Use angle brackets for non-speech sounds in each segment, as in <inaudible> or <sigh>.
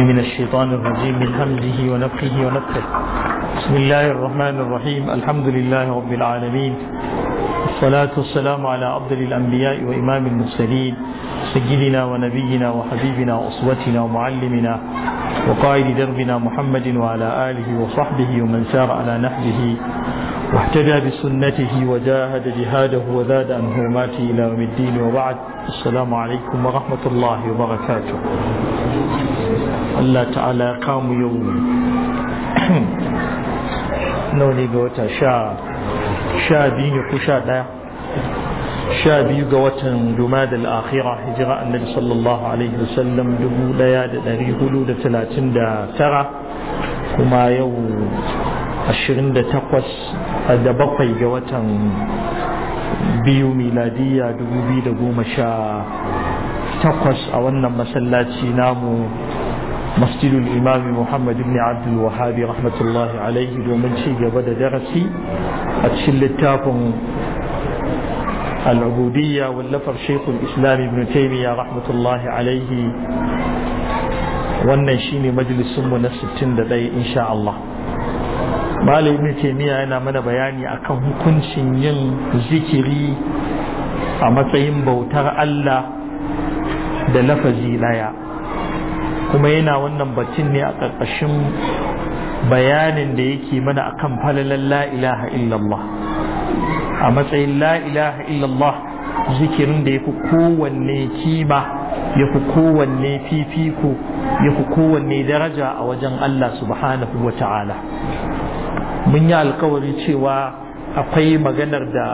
من الشيطان الرجيم من همزه ونفخه ونفخه بسم الله الرحمن الرحيم الحمد لله رب العالمين والصلاة والسلام على أفضل الأنبياء وإمام المرسلين سيدنا ونبينا وحبيبنا وأسوتنا ومعلمنا وقائد دربنا محمد وعلى آله وصحبه ومن سار على نهجه واهتدى بسنته وجاهد جهاده وزاد أنه مات إلى يوم الدين وبعد السلام عليكم ورحمة الله وبركاته Allah ta'ala ya kamu yau <clears throat> nau ne ga wata sha biyu ko sha ɗaya sha biyu ga watan da al'akhira hijira annabi sallallahu alaihi wasallam dubu ɗaya da ɗari hudu da talatin da tara kuma yau ashirin da takwas da bakwai ga watan biyu miladiyya dubu biyu da goma sha takwas a wannan masallaci namu مسجد الإمام محمد بن عبد الوهاب رحمة الله عليه ومن شيء بدأ درسي أتشل التافن العبودية واللفر شيخ الإسلام ابن تيمية رحمة الله عليه wannan shine majalisun mu na 61 insha Allah malamin kimiyya yana mana bayani akan hukuncin yin zikiri a matsayin bautar Allah da lafazi daya kuma yana wannan batun ne a ƙarƙashin bayanin da yake mana akan falalan la ilaha illallah a matsayin la ilaha illallah zikirin da ya fi kowanne kima ya fi kowanne fifiko ya fi kowanne daraja a wajen Allah subhanahu wa ta'ala mun yi alkawari cewa akwai maganar da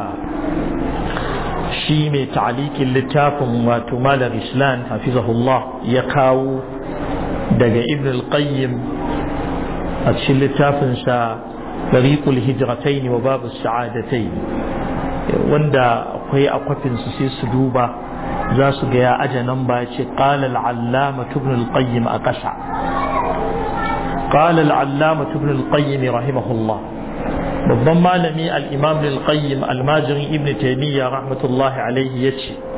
shi mai ta'alikin littafin wato malar islam hafizahullah ya kawo daga ibn qayyim a cikin littafinsa dariqul hijratain wa babu sa'adatai wanda akwai akwafin su sai su duba za su ga ya aje nan ba ce qala allama a ƙasa qala allama ibn al rahimahullah babban malami al-imam al-qayyim ibn taymiyyah rahmatullahi alayhi yace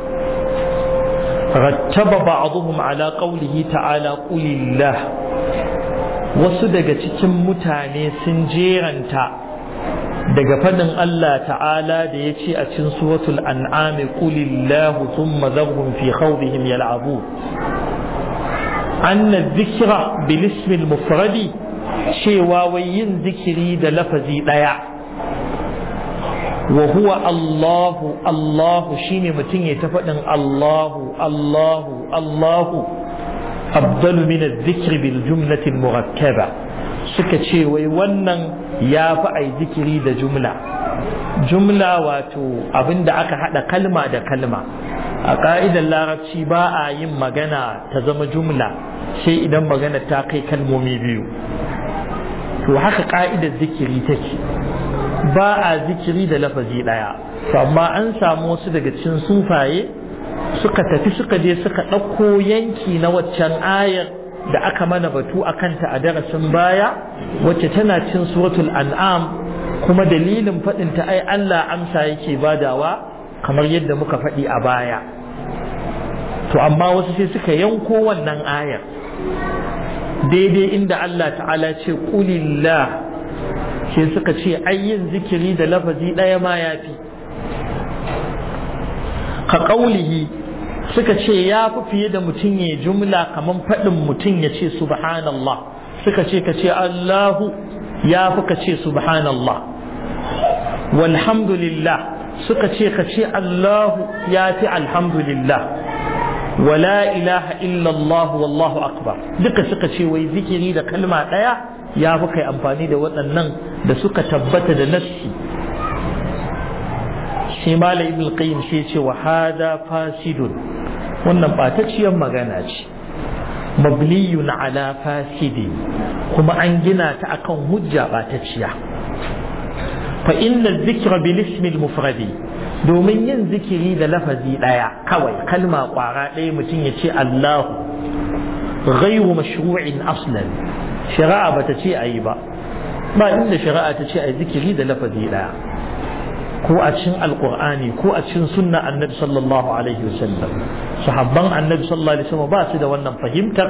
rattaba ba'dhum ala qawlihi ta'ala qulillah wasu daga cikin mutane sun jeranta daga fadin Allah ta'ala da ya ce a cikin suratul an'am qulillahu thumma dhahum fi khawdihim yal'abu anna dhikra bil ismi al mufradi cewa wai yin zikiri da lafazi daya wa huwa Allahu Allahu shine mutum ya ta faɗin Allahu Allahu Allahu afdalu min adh-dhikri bil jumlati al-murakkaba suka ce wai wannan ya fi ai zikiri da jumla jumla wato abinda aka haɗa kalma da kalma a ka'idar larabci ba a yin magana ta zama jumla sai idan magana ta kai kalmomi biyu to haka ka'idar zikiri take ba a zikiri da lafazi ɗaya amma an samu wasu daga cin sufaye suka tafi suka je suka ɗauko yanki na waccan ayar da aka mana batu a kanta a darasin baya wacce tana cin suratul an'am kuma dalilin faɗin ta ai Allah amsa yake badawa kamar yadda muka faɗi a baya to amma wasu sai suka yanko wannan ayar daidai inda Allah ta'ala ce kulillah. sai suka ce yin zikiri da lafazi ɗaya ma ya fi ka ƙaulihi suka ce ya fi fiye da mutum ya jumla kamar faɗin mutum ya ce subhanallah suka ce ka ce allahu ya fi ka ce subhanallah walhamdulillah suka ce ka ce allahu ya fi alhamdulillah wala ilaha illallah wallahu akbar duka suka ce wai zikiri da kalma ɗaya ya fi kai amfani da waɗannan da suka tabbata da nassi shi mala ibn qayyim shi ce wa hada fasidun wannan ɓatacciyar magana ce mabniyun ala fasidi kuma an gina ta akan hujja ɓatacciya fa inna zikra bil ismi al mufradi domin yin zikiri da lafazi ɗaya kawai kalma ƙwara ɗaya mutum ya ce Allahu ghayru mashru'in aslan shari'a ba ta ce a yi ba ba inda shari'a ta ce a yi zikiri da lafazi ɗaya ko a cikin alkur'ani ko a cikin sunna annabi sallallahu alaihi wasallam sahabban annabi sallallahu alaihi wasallam ba su da wannan fahimtar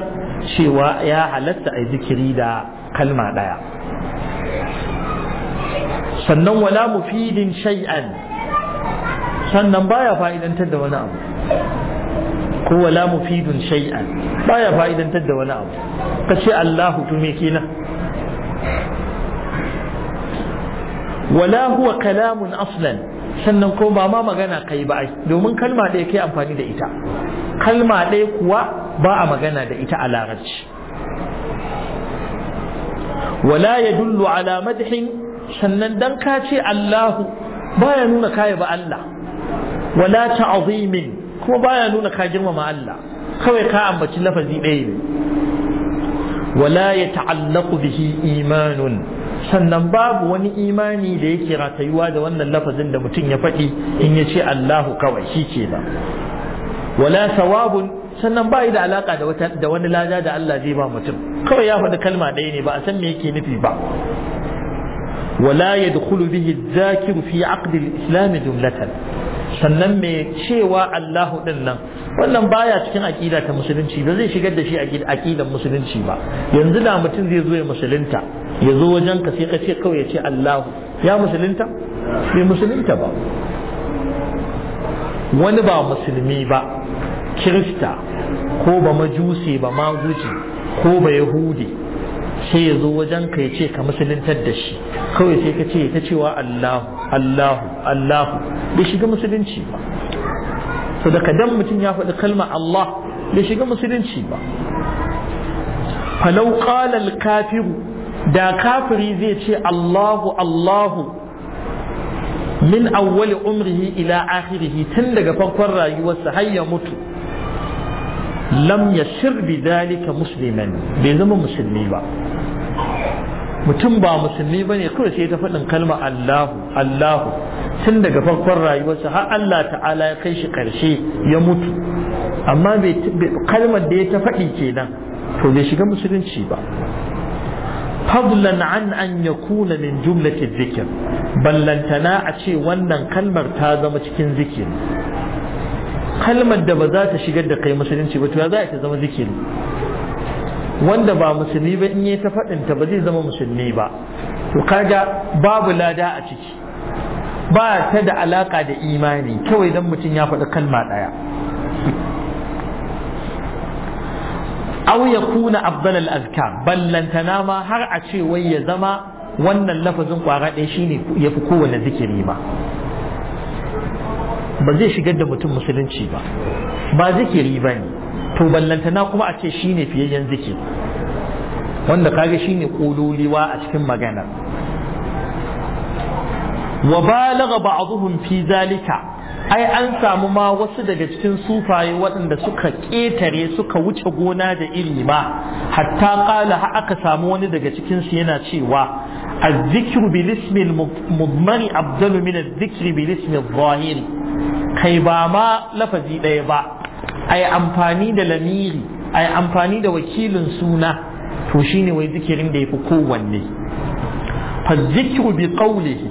cewa ya halatta a yi zikiri da kalma ɗaya sannan wala mufidin shay'an sannan baya fa'idantar da wani abu ko wala mufidun shay'an baya fa'idantar da wani abu kace Allahu to kenan wala huwa kalamun aslan sannan ko ba ma magana kai ba ai domin kalma ɗaya kai amfani da ita kalma ɗaya kuwa ba a magana da ita a larabci wala yadullu ala madhin sannan dan ka ce Allahu baya nuna kai ba Allah wala min. kuma baya nuna ka girmama Allah kawai ka ambaci lafazi ɗaya ne wala ya ta'allaqu bihi imanun sannan babu wani imani da yake ratayuwa da wannan lafazin da mutum ya faɗi in ya ce Allahu kawai shi ke ba wala sawabun sannan ba da alaka da wani lada da Allah zai ba mutum kawai ya faɗi kalma ɗaya ne ba a san me yake nufi ba wala yadkhulu bihi adh-dhakiru fi 'aqd al-islam jumlatan sannan mai cewa Allahu ɗin nan wannan baya cikin aƙida ta musulunci ba zai shigar da shi aƙidan musulunci ba yanzu da mutum zai zo ya musulunta ya zo wajen ka sai ka ce kawai ya ce Allahu ya musulunta bai musulunta ba wani ba musulmi ba kirista ko ba majusi ba maguji ko ba yahudi sai ya zo wajen ka ya ce ka musuluntar da shi kawai sai ka ce ta cewa Allahu Allahu Allahu bai shiga musulunci ba to da kadan mutum ya faɗi kalma Allah bai shiga musulunci ba falau qala al-kafiru da kafiri zai ce Allahu Allahu min awwali umrihi ila akhirihi tun daga farkon rayuwarsa har ya mutu lam yashir bi dalika musliman bai zama musulmi ba mutum ba musulmi ba ne kawai sai ta faɗin kalma Allahu Allahu tun daga farkon rayuwarsa har Allah ta'ala ya kai shi ƙarshe ya mutu amma kalmar da ya ta faɗi kenan to bai shiga musulunci ba fadlan an an yakuna min jumlati zikir ballantana a ce wannan kalmar ta zama cikin zikiri kalmar da ba za ta shigar da kai musulunci ba to ya za ta zama zikiri wanda ba musulmi ba in yi ta faɗinta ba zai zama musulmi ba to kaga babu lada a ciki ba ta da alaka da imani kawai don mutum ya faɗi kalma ɗaya aw ya kuna afdal Azka, ballantana ma har a ce wai ya zama wannan lafazin ƙwara ɗaya shine fi kowane zikiri ba. ba zai shigar da mutum musulunci ba ba zikiri ba ne to ballantana kuma a ce shine fiyayyen zikiri wanda kage shine kululuwa a cikin maganar wa balagha ba'dhum fi zalika ai an samu ma wasu daga cikin sufaye waɗanda suka ƙetare suka wuce gona da iri ma hatta ƙala ha aka samu wani daga cikin su yana cewa الذكر بالاسم المضمر أفضل من الذكر بالاسم الظاهر kai ba ma lafazi ɗaya ba a yi amfani da lamiri a yi amfani da wakilin suna to shine wai zikirin da ya fi kowanne fa zikiru bi qawlihi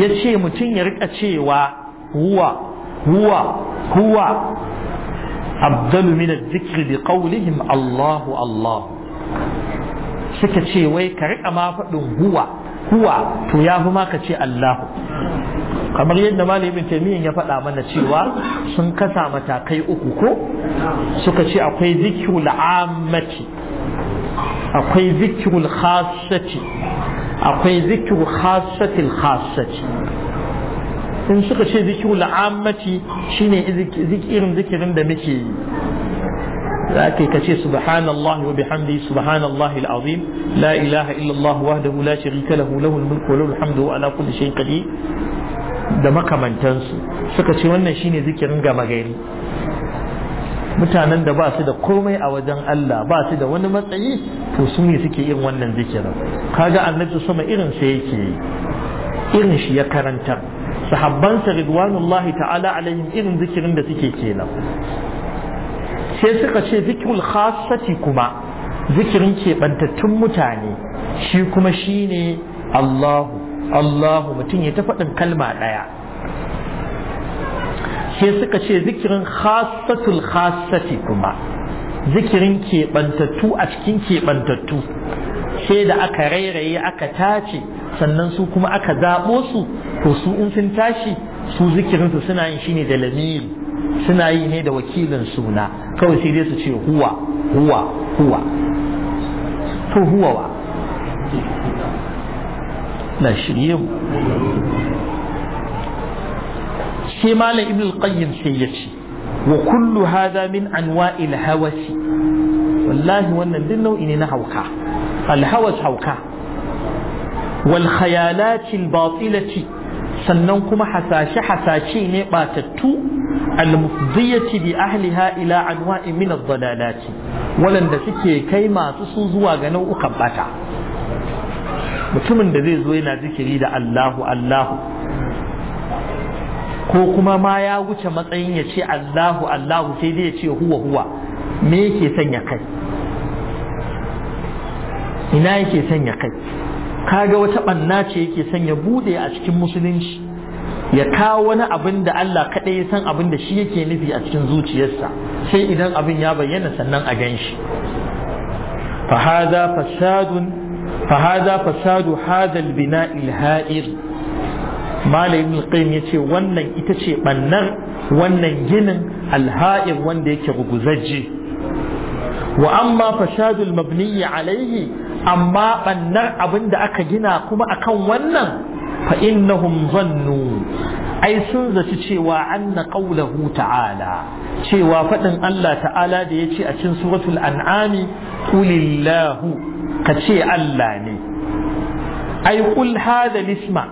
ya ce mutum ya rika cewa huwa huwa huwa abdalu min zikiri bi qawlihim Allahu Allahu suka ce wai ka rika ma faɗin huwa huwa to ya fi ma ka ce Allahu kamar yadda malamin taimiyyan ya faɗa mana cewa sun kasa matakai uku ko suka ce akwai zikirul ammati akwai zikirul khasati akwai zikirul khasatil khasati in suka ce zikirul ammati shine irin zikirin da muke yi ذاك كشي سبحان الله وبحمده سبحان الله العظيم لا إله إلا الله وحده لا شريك له له الملك وله الحمد وعلى كل شيء قدير da makamantansu suka ce wannan shine zikirin gama gari mutanen da ba su da komai a wajen Allah ba su da wani matsayi to su ne suke yin wannan zikirin kaga annabi sama irin sa yake irin shi ya karanta sahabbansa ridwanullahi ta'ala alaihim irin zikirin da suke kenan sai suka ce zikrul khassati kuma zikirin keɓantattun mutane shi kuma shine Allahu Allahu mutum ya ta faɗin kalma ɗaya sai suka ce zikirin khassatul Khasati kuma zikirin keɓantattu a cikin keɓantattu sai da aka rairaye aka tace sannan su kuma aka zaɓo su to su in sun tashi su zikirinsu suna yin shi ne da lamiri suna yi ne da wakilin suna kawai sai dai su ce huwa huwa huwa to huwa wa na shirye mu sai malam ibn al-qayyim sai ya ce wa kullu hada min anwa'il hawasi wallahi wannan duk nau'i ne na hauka al-hawas hauka wal khayalat al sannan kuma hasashe hasashe ne batattu al-mufdiyati bi ahliha ila anwa'i min ad-dalalati walanda suke kai masu su zuwa ga nau'ukan bata mutumin da zai zo yana zikiri da Allahu Allahu ko kuma ma ya wuce matsayin ya ce Allahu Allahu sai dai ya ce huwa huwa me yake sanya kai ina yake sanya kai kaga wata banna ce yake sanya bude a cikin musulunci ya kawo wani abin da Allah kaɗai ya san abin da shi yake nufi a cikin zuciyarsa sai idan abin ya bayyana sannan a gan shi fa fasadun فهذا fasadu هذا bina الهائل Malamin ibn qayyim yace wannan ita ce bannar wannan ginin alha'ir wanda yake ruguzajje wa amma fasadul mabni alaihi amma bannar abinda aka gina kuma akan wannan fa innahum zannu ai sun zaci cewa anna qawluhu ta'ala cewa faɗin Allah ta'ala da ya ce a cikin suratul an'ami qulillahu ka ce Allah ne ai kul hada lisma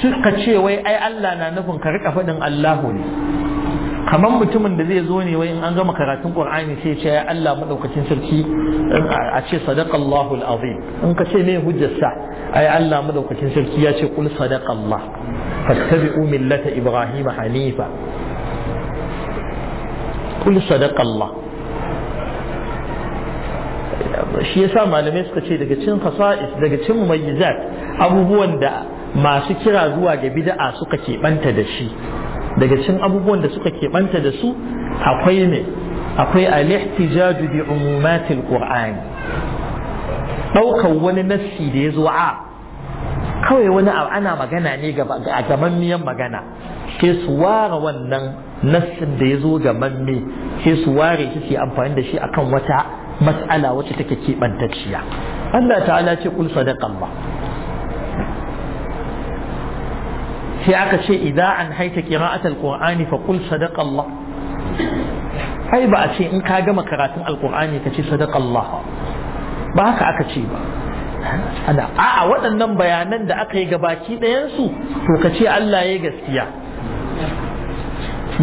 suka ce wai ai Allah na nufin ka rika faɗin Allahu ne kamar mutumin da zai zo ne wai in an gama karatun Qur'ani sai ce ya Allah madaukakin sarki a ce sadaqallahu alazim in ka ce me hujjarsa ai Allah madaukakin sarki ya ce kul sadaqallah fattabi'u millata ibrahima hanifa kul sadaqallah shi yasa malamai suka ce daga cin fasa'is daga cin mumayyizat abubuwan da masu kira zuwa ga bid'a suka keɓanta da shi daga cin abubuwan da suka keɓanta da su akwai ne akwai al-ihtijaju bi umumatil Qur'an. daukar wani nassi da ya zo a kawai wani ana magana ne a gamanmiyan magana sai su ware wannan nassin da ya zo gamanmi sai su ware shi su amfani da shi akan wata mas'ala wacce take keɓantacciya Allah ta'ala ce kul Allah. sai aka ce idan an haita qira'at alqur'ani fa kul Allah. ai ba a ce in ka gama karatun alqur'ani ka ce Allah. ba haka aka ce ba ana a'a waɗannan bayanan da aka yi gabaki ɗayansu to ka ce Allah ya gaskiya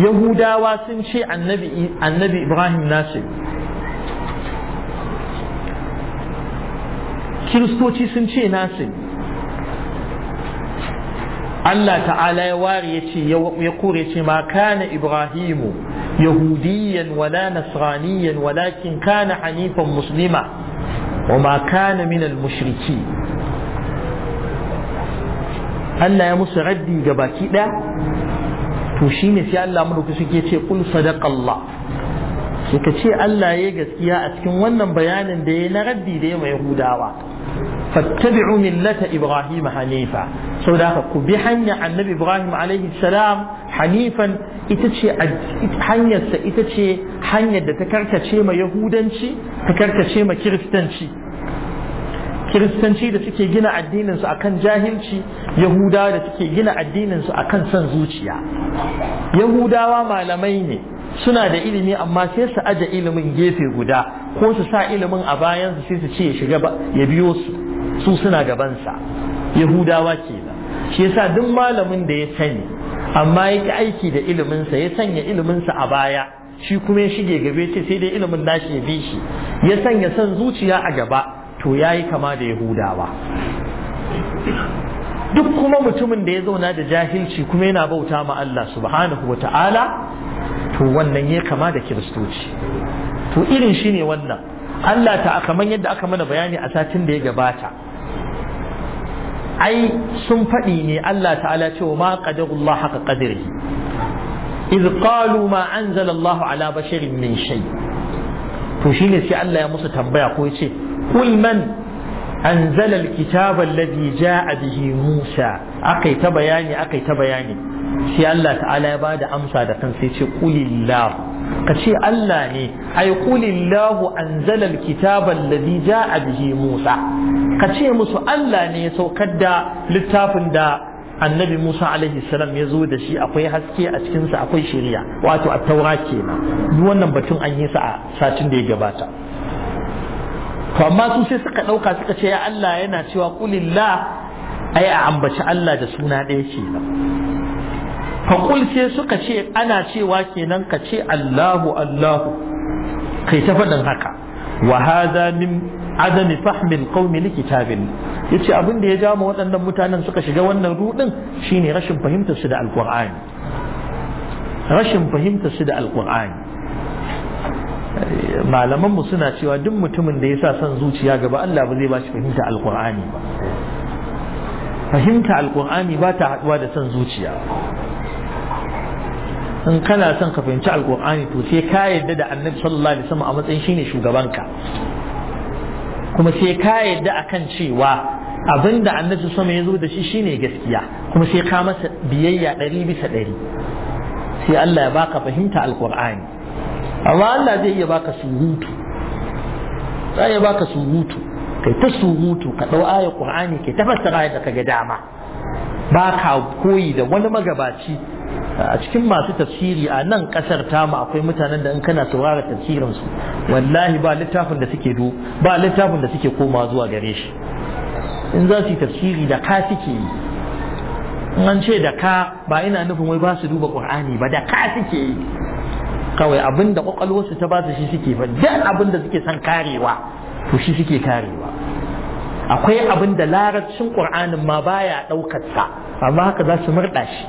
yahudawa sun ce annabi ibrahim nasir kiristoci sun ce nasu Allah ta'ala ya ware ya ce ya kore ce ma kana Ibrahimu yahudiyan wala nasraniyan walakin kana hanifan muslima wa ma kana minal mushriki Allah ya musu raddi ga baki ɗaya to shi ne sai Allah mulki suke ce kul sadaqallah suka ce Allah ya gaskiya a cikin wannan bayanin da ya na raddi da ya mai Yahudawa fattabi'u millata ibrahim hanifa saboda haka ku bi hanya annabi ibrahim alaihi salam hanifan ita ce hanyarsa ita ce hanyar da ta karkace ma yahudanci ta karkace ma kiristanci kiristanci da suke gina addininsu akan jahilci yahudawa da suke gina addininsu akan son zuciya yahudawa malamai ne suna da ilimi amma sai su aje ilimin gefe guda ko su sa ilimin a bayansu sai su ce ya ya biyo su su suna gabansa yahudawa ke kenan shi yasa duk malamin da ya sani amma yake aiki da iliminsa ya sanya iliminsa a baya shi kuma ya shige gabe ce sai dai ilimin nashi ya bi shi ya sanya san zuciya a gaba to yayi kama da yahudawa duk kuma mutumin da ya zauna da jahilci kuma yana bauta ma Allah subhanahu wa ta'ala to wannan ya kama da kiristoci to irin shi ne wannan Allah ta kamar yadda aka mana bayani a satin da ya gabata ai sun faɗi ne Allah ta'ala cewa ma Allah haka qadari iz qalu ma anzala Allahu ala basharin min shay to shine sai Allah ya musu tambaya ko yace kul man anzala alkitaba alladhi jaa bihi Musa akai ta bayani akai ta bayani sai Allah ta'ala ya bada amsa da kan sai ce kulillah ka ce Allah ne ai qulillahu anzalal kitaba alladhi ja'a bihi Musa ka ce musu Allah ne ya saukar da littafin da annabi Musa alaihi salam ya zo da shi akwai haske a cikin sa akwai shari'a wato at-taura kenan duk wannan batun an yi sa a satin da ya gabata to amma su sai suka dauka suka ce ya Allah yana cewa kulillah ai a ambaci Allah da suna ɗaya kenan faƙul sai suka ce ana cewa kenan ka ce Allahu Allahu kai ta faɗin haka wa hadha min adami fahmin qaumi li kitabin yace abin da ya ja waɗannan mutanen suka shiga wannan rudin shine rashin fahimtar su da alqur'ani rashin fahimtar su da alqur'ani malaman mu suna cewa duk mutumin da ya sa son zuciya gaba Allah ba zai ba shi fahimta alqur'ani ba fahimta alqur'ani ba ta haɗuwa da son zuciya in kana son ka fahimci alkur'ani to sai ka yadda da annabi sallallahu alaihi wasallam a matsayin shine shugabanka kuma sai ka yadda akan cewa abinda annabi sama ya zo da shi shine gaskiya kuma sai ka masa biyayya ɗari bisa ɗari sai Allah ya baka fahimta alkur'ani amma Allah zai iya baka surutu zai iya baka surutu kai ta surutu ka ɗau ayar qur'ani kai ta fassara da kaga dama ba ka koyi da wani magabaci a cikin masu tafsiri a nan kasar tamu akwai mutanen da in kana saurara tafsirin su wallahi ba littafin da suke do ba littafin da suke koma zuwa gare shi in za su yi tafsiri da ka suke yi an ce da ka ba ina nufin wai ba su duba qur'ani ba da ka suke yi kawai abinda da kwakwalwarsu ta ba su shi suke ba duk abin suke son karewa to shi suke karewa akwai abin da larabcin qur'anin ma baya daukar sa amma haka za su murda shi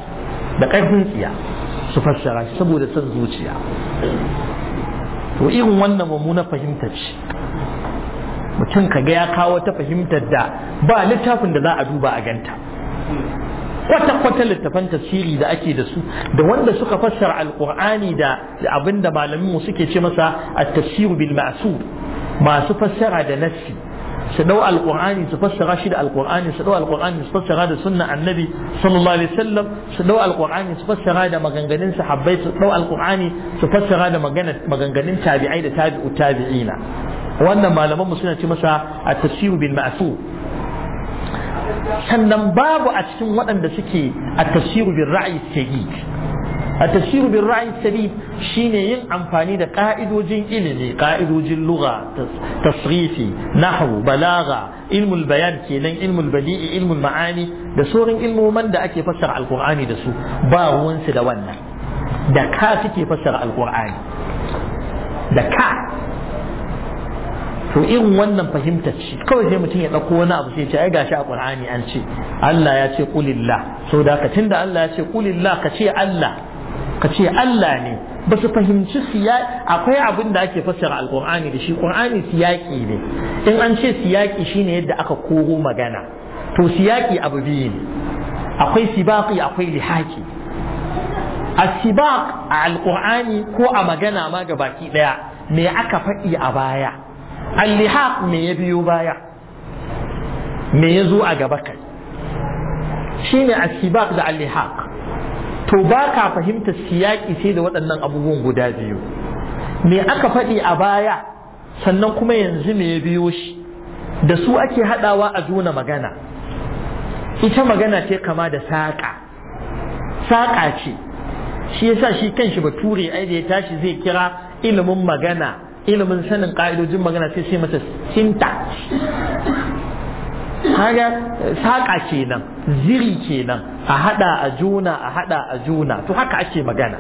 da ƙarfin tsiya su fassara shi saboda son zuciya to irin wannan mummuna fahimta ce mutum ka ga ya kawo wata fahimtar da ba littafin da za a duba a ganta kwata-kwata littafan tasiri da ake da su da wanda suka fassara alkur'ani da abinda malamin mu suke ce masa a tasiru bil masu fassara da nassi su dau alqur'ani su fassara shi da alqur'ani su dau alqur'ani su fassara da sunna annabi sallallahu alaihi wasallam su dau alqur'ani su fassara da maganganun sahabbai su dau alqur'ani su fassara da maganganun tabi'ai da tabi'u tabi'ina wannan malaman mu suna ce masa at-tafsir bil ma'sur sannan babu a cikin waɗanda suke at-tafsir bil ra'yi sahihi a tashir bin ra'ayin sabi shine yin amfani da ka'idojin ilimi ka'idojin lugha tasrifi nahwu balaga ilmun bayan kenan ilmul bali'i, ilmul ma'ani da sauran ilmoman da ake fassara alqur'ani da su ba ruwansu da wannan da ka suke fassara alqur'ani da ka to irin wannan fahimtar ce kawai sai mutum ya ɗauko wani abu sai ya ce ai gashi a Qur'ani an ce Allah ya ce kulillah so da ka tunda Allah ya ce kulillah ka ce Allah ka ce Allah ne ba su fahimci siyaƙi akwai abin da ake fassara alƙur'ani da shi ƙur'ani siyaƙi ne in an ce siyaƙi shine yadda aka koro magana to siyaƙi abu biyu ne akwai sibaƙi akwai lihaki a sibaq a alƙur'ani ko a magana ma baki ɗaya me aka faɗi a baya al-lihaq me ya biyo baya me ya zo a gaba kai shine a sibaq da al-lihaq to ba ka fahimta siyaƙi sai da waɗannan abubuwan guda biyu me aka faɗi a baya sannan kuma yanzu me ya biyo shi da su ake haɗawa a juna magana ita magana ce kama da saƙa saƙa ce shi yasa shi kanshi bature ai da ya tashi zai kira ilimin magana ilimin sanin ƙa'idojin magana sai sai masa sinta kaga saƙa kenan ziri kenan a hada a juna a hada a juna to haka ake magana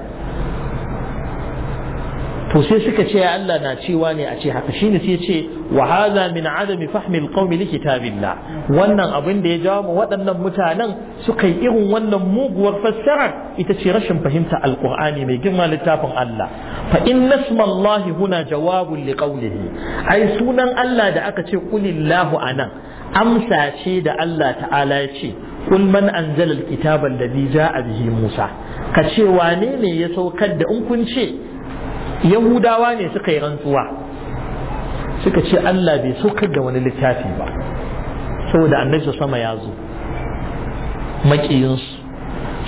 to sai suka ce Allah na cewa ne a ce haka shine sai ce wa hadha min adami fahmi alqawmi li kitabillah wannan abin da ya jawo mu waɗannan mutanen suka yi irin wannan muguwar fassara ita ce rashin fahimta alqur'ani mai girma littafin Allah fa in nasmallahi huna jawabun li qawlihi ai sunan Allah da aka ce qulillahu anan amsa ce da Allah ta'ala ya ce kun man da alkitaba a ja'a bihi Musa ka ce wane ne ya saukar da in kun ce Yahudawa ne suka yi rantsuwa suka ce Allah bai saukar da wani littafi ba saboda annabi sama ya zo makiyinsu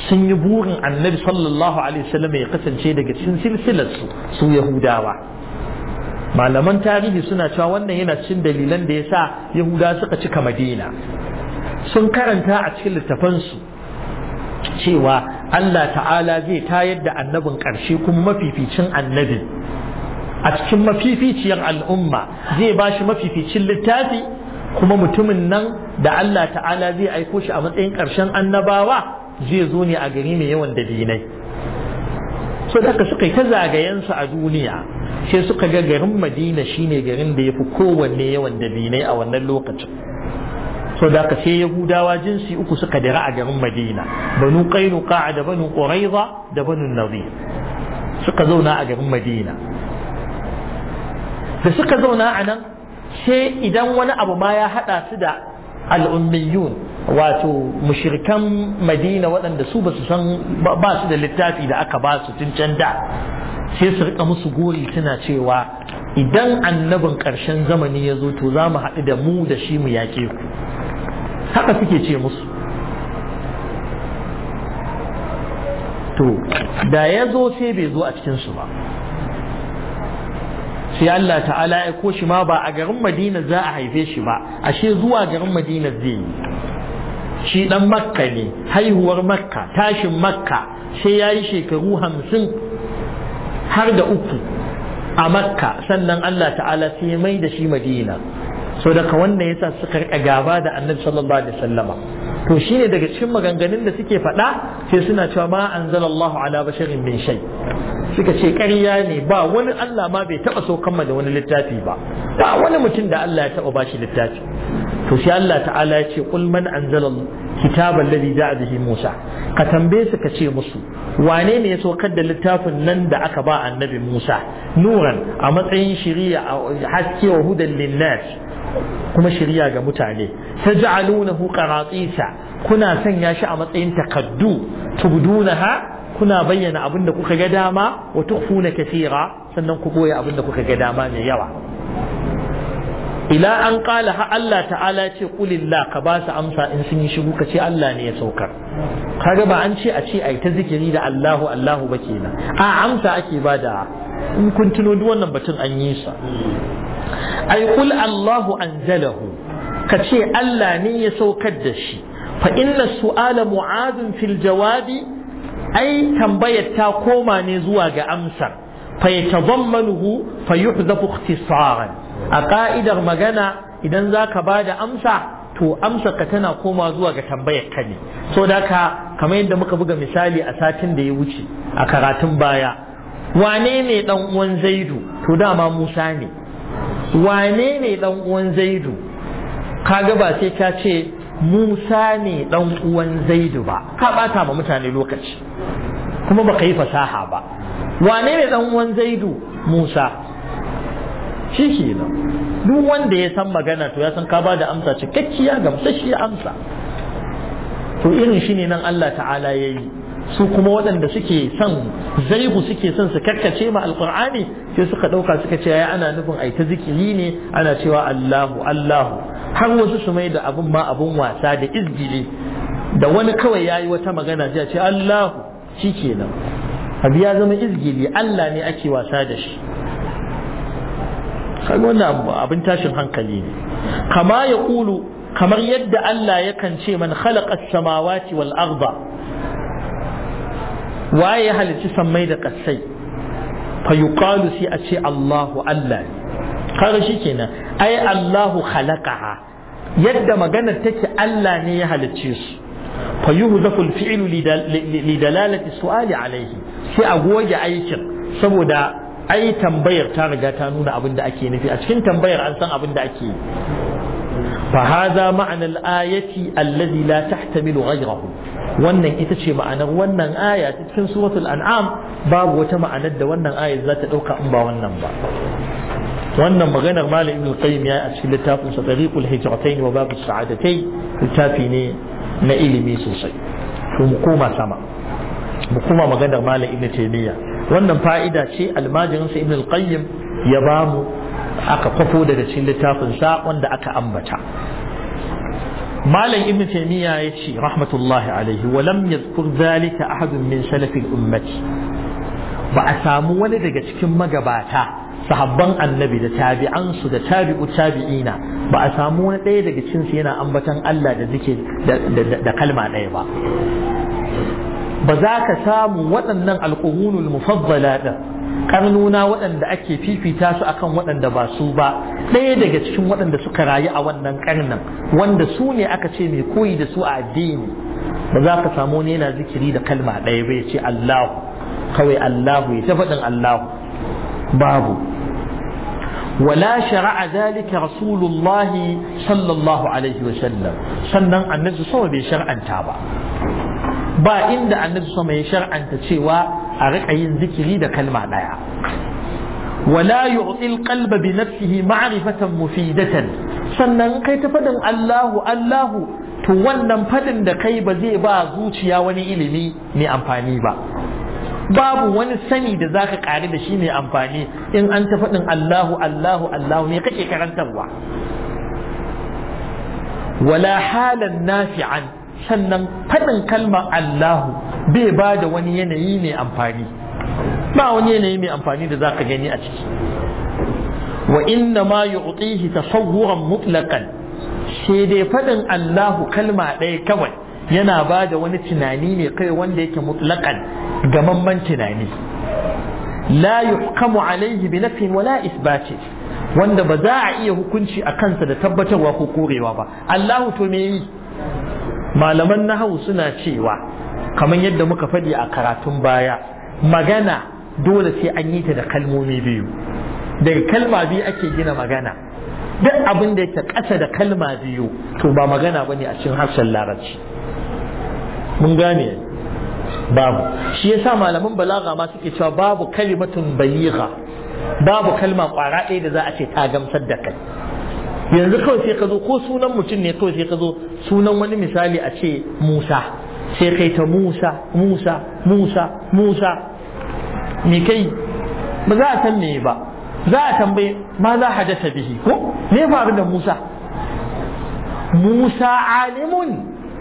sun yi burin annabi sallallahu alaihi wasallam ya kasance daga cikin silsilarsu su Yahudawa malaman tarihi suna cewa wannan yana cin dalilan da ya sa yahuda suka cika madina sun karanta a cikin littafansu cewa allah ta'ala zai tayar da annabin ƙarshe kuma mafificin annabi a cikin mafificiyar al'umma zai ba shi mafificin littafi kuma mutumin nan da allah ta'ala zai aiko shi a matsayin ƙarshen annabawa zai zo ne a gari mai yawan dalilai so daga suka yi ta zagayensu a duniya sai suka ga garin madina shine garin da ya fi kowanne yawan dabinai a wannan lokacin so da ka sai yahudawa jinsi uku suka dira a garin madina banu qainuqa da banu quraiza da banu nadir suka zauna a garin madina da suka zauna a nan sai idan wani abu ma ya hada su da al'ummiyun wato mushirikan madina waɗanda su ba su san ba su da littafi da aka ba su tun can da sai su rika musu gori suna cewa idan annabin ƙarshen zamani ya zo to za mu haɗu da mu da shi mu yaƙe ku haka suke ce musu to da ya zo sai bai zo a cikinsu ba sai Allah ta'ala ya ko shi ma ba a garin madina za a haife shi ba ashe zuwa garin madina zai yi shi dan makka ne haihuwar makka tashin makka sai ya yi shekaru hamsin har da uku a makka sannan Allah ta'ala sai mai da shi madina so daga wannan yasa suka rika gaba da annabi sallallahu alaihi wasallama to shine daga cikin maganganun da suke faɗa sai suna cewa ma anzalallahu ala basharin min shay suka ce ƙarya ne ba wani Allah ma bai taɓa saukan da wani littafi ba ba wani mutum da Allah ya taɓa bashi littafi to sai Allah ta'ala ya ce qul man anzalal kitaban ladhi ja'a bihi Musa ka tambaye su ka ce musu wane ne ya saukar da littafin nan da aka ba annabi Musa nuran a matsayin shiriya haske wa hudan linnas kuma shiriya ga mutane taj'alunahu qaratisa kuna sanya shi a matsayin takaddu tubdunaha kuna bayyana abin da kuka ga dama wa na kathira sannan ku boye abin da kuka ga dama mai yawa ila an qala ha Allah ta'ala ce kulillah ka ba su amsa in sun yi shiru ka ce Allah ne ya saukar kaga ba an ce a ce ai ta zikiri da Allahu Allahu ba kenan a amsa ake bada in kun tuno duk wannan batun an yi sa ai kul Allahu anzalahu ka ce Allah ne ya saukar da shi fa inna su'ala mu'adun fil jawabi ai tambayar ta koma ne zuwa ga amsar fa yatadammanuhu fa yuhdafu ikhtisaran a ka'idar magana idan za ka ba da amsa to amsa ka tana koma zuwa ga tambayar ka ne so da ka kamar yadda muka buga misali a satin da ya wuce a karatun baya wane ne dan uwan zaidu to dama musa ne wane ne dan uwan zaidu kaga ba sai ka ce musa ne dan uwan zaidu ba ka bata ma mutane lokaci kuma baka yi fasaha ba wane ne dan uwan zaidu musa shi shi na duk wanda ya san magana to ya san ka ba da amsa cikakkiya ga musashi amsa to irin shi ne nan Allah ta'ala ya yi su kuma waɗanda suke son zaihu suke son su karkace ma alƙur'ani sai suka ɗauka suka ce ya ana nufin ai ta zikiri ne ana cewa Allahu Allahu har wasu su mai da abun ma abun wasa da izgili da wani kawai yayi wata magana sai ce Allahu shikenan abu ya zama izgili Allah ne ake wasa da shi kaga wannan abin tashin hankali ne kama ya kulu kamar yadda Allah yakan ce man khalaqa samawati wal arda waye ya halicci sammai da kasai fa yuqalu si a ce Allahu Allah kaga shikenan ai Allahu khalaqaha yadda maganar take Allah ne ya halicce su fa yuhdafu filu li dalalati su'ali alayhi sai a goge aikin saboda ai tambayar ta riga ta nuna abin da ake nufi a cikin tambayar an san abin da ake yi fa haza ma'ana al-ayati allazi la tahtamilu ghayrahu wannan ita ce ma'anar wannan aya cikin suratul an'am babu wata ma'anar da wannan aya za ta dauka in ba wannan ba wannan maganar malam ibn qayyim ya a cikin littafin sa tariqul hijratain wa babu sa'adatai littafi ne na ilimi sosai to mu koma sama mu koma maganar malam ibn taymiya wannan fa'ida ce almajirinsa ibn al-qayyim ya ba mu aka kwafo daga cikin littafin sa wanda aka ambata malam ibn taymiya ya ce rahmatullahi alaihi wa lam yadhkur dhalika ahadun min salafil ummati ba a samu wani daga cikin magabata sahabban annabi da tabi'ansu da tabi'u tabi'ina ba a samu wani ɗaya daga cikin su yana ambatan Allah da zike da kalma ɗaya ba ba za ka samu waɗannan alƙuhunul mufaddala ɗin ƙarnuna waɗanda ake fifita su akan waɗanda ba su ba ɗaya daga cikin waɗanda suka rayu a wannan ƙarnin wanda su ne aka ce mai koyi da su a addini ba za ka samu ne yana zikiri da kalma ɗaya ba ya ce Allahu kawai Allahu ya ta faɗin Allahu babu ولا شرع ذلك رسول الله صلى الله عليه وسلم سنن النبي صلى الله شرعا تابا ba inda annabi sama ya shar'anta cewa a riƙa yin zikiri da kalma ɗaya wala yu'til qalba bi nafsihi ma'rifatan mufidatan sannan kai ta fadin Allahu Allahu to wannan fadin da kai ba zai ba zuciya wani ilimi mai amfani ba babu wani sani da zaka ƙari da shi ne amfani in an ta fadin Allahu Allahu Allahu Ne kake karantarwa wala halan nafi'an sannan faɗin kalmar Allahu bai ba da wani yanayi mai amfani ba wani yanayi mai amfani da zaka gani a ciki wa inna ma yu'tihi tasawwuran mutlaqan sai dai faɗin Allahu kalma ɗaya kawai yana ba da wani tunani ne kai wanda yake mutlaqan gamamman tunani la yuhkamu alaihi bi nafin wala isbati wanda ba za a iya hukunci a kansa da tabbatarwa ko korewa ba Allahu to me yi malaman nahawu suna cewa kamar yadda muka faɗi a karatun baya magana dole sai an yi ta da kalmomi biyu daga kalma biyu ake gina magana duk abin da yake ƙasa da kalma biyu to ba magana bane a cikin harshen larabci mun gane babu shi yasa malaman balaga ma suke cewa babu kalimatun baligha babu kalma ƙwara ɗaya da za a ce ta gamsar da kai yanzu kawai sai ka zo ko sunan mutum ne kawai sai ka zo sunan wani misali a ce musa sai kai ta musa musa musa musa me kai ba za a san me ba za a tambaye ma za ta bihi ko me faru da musa musa alimun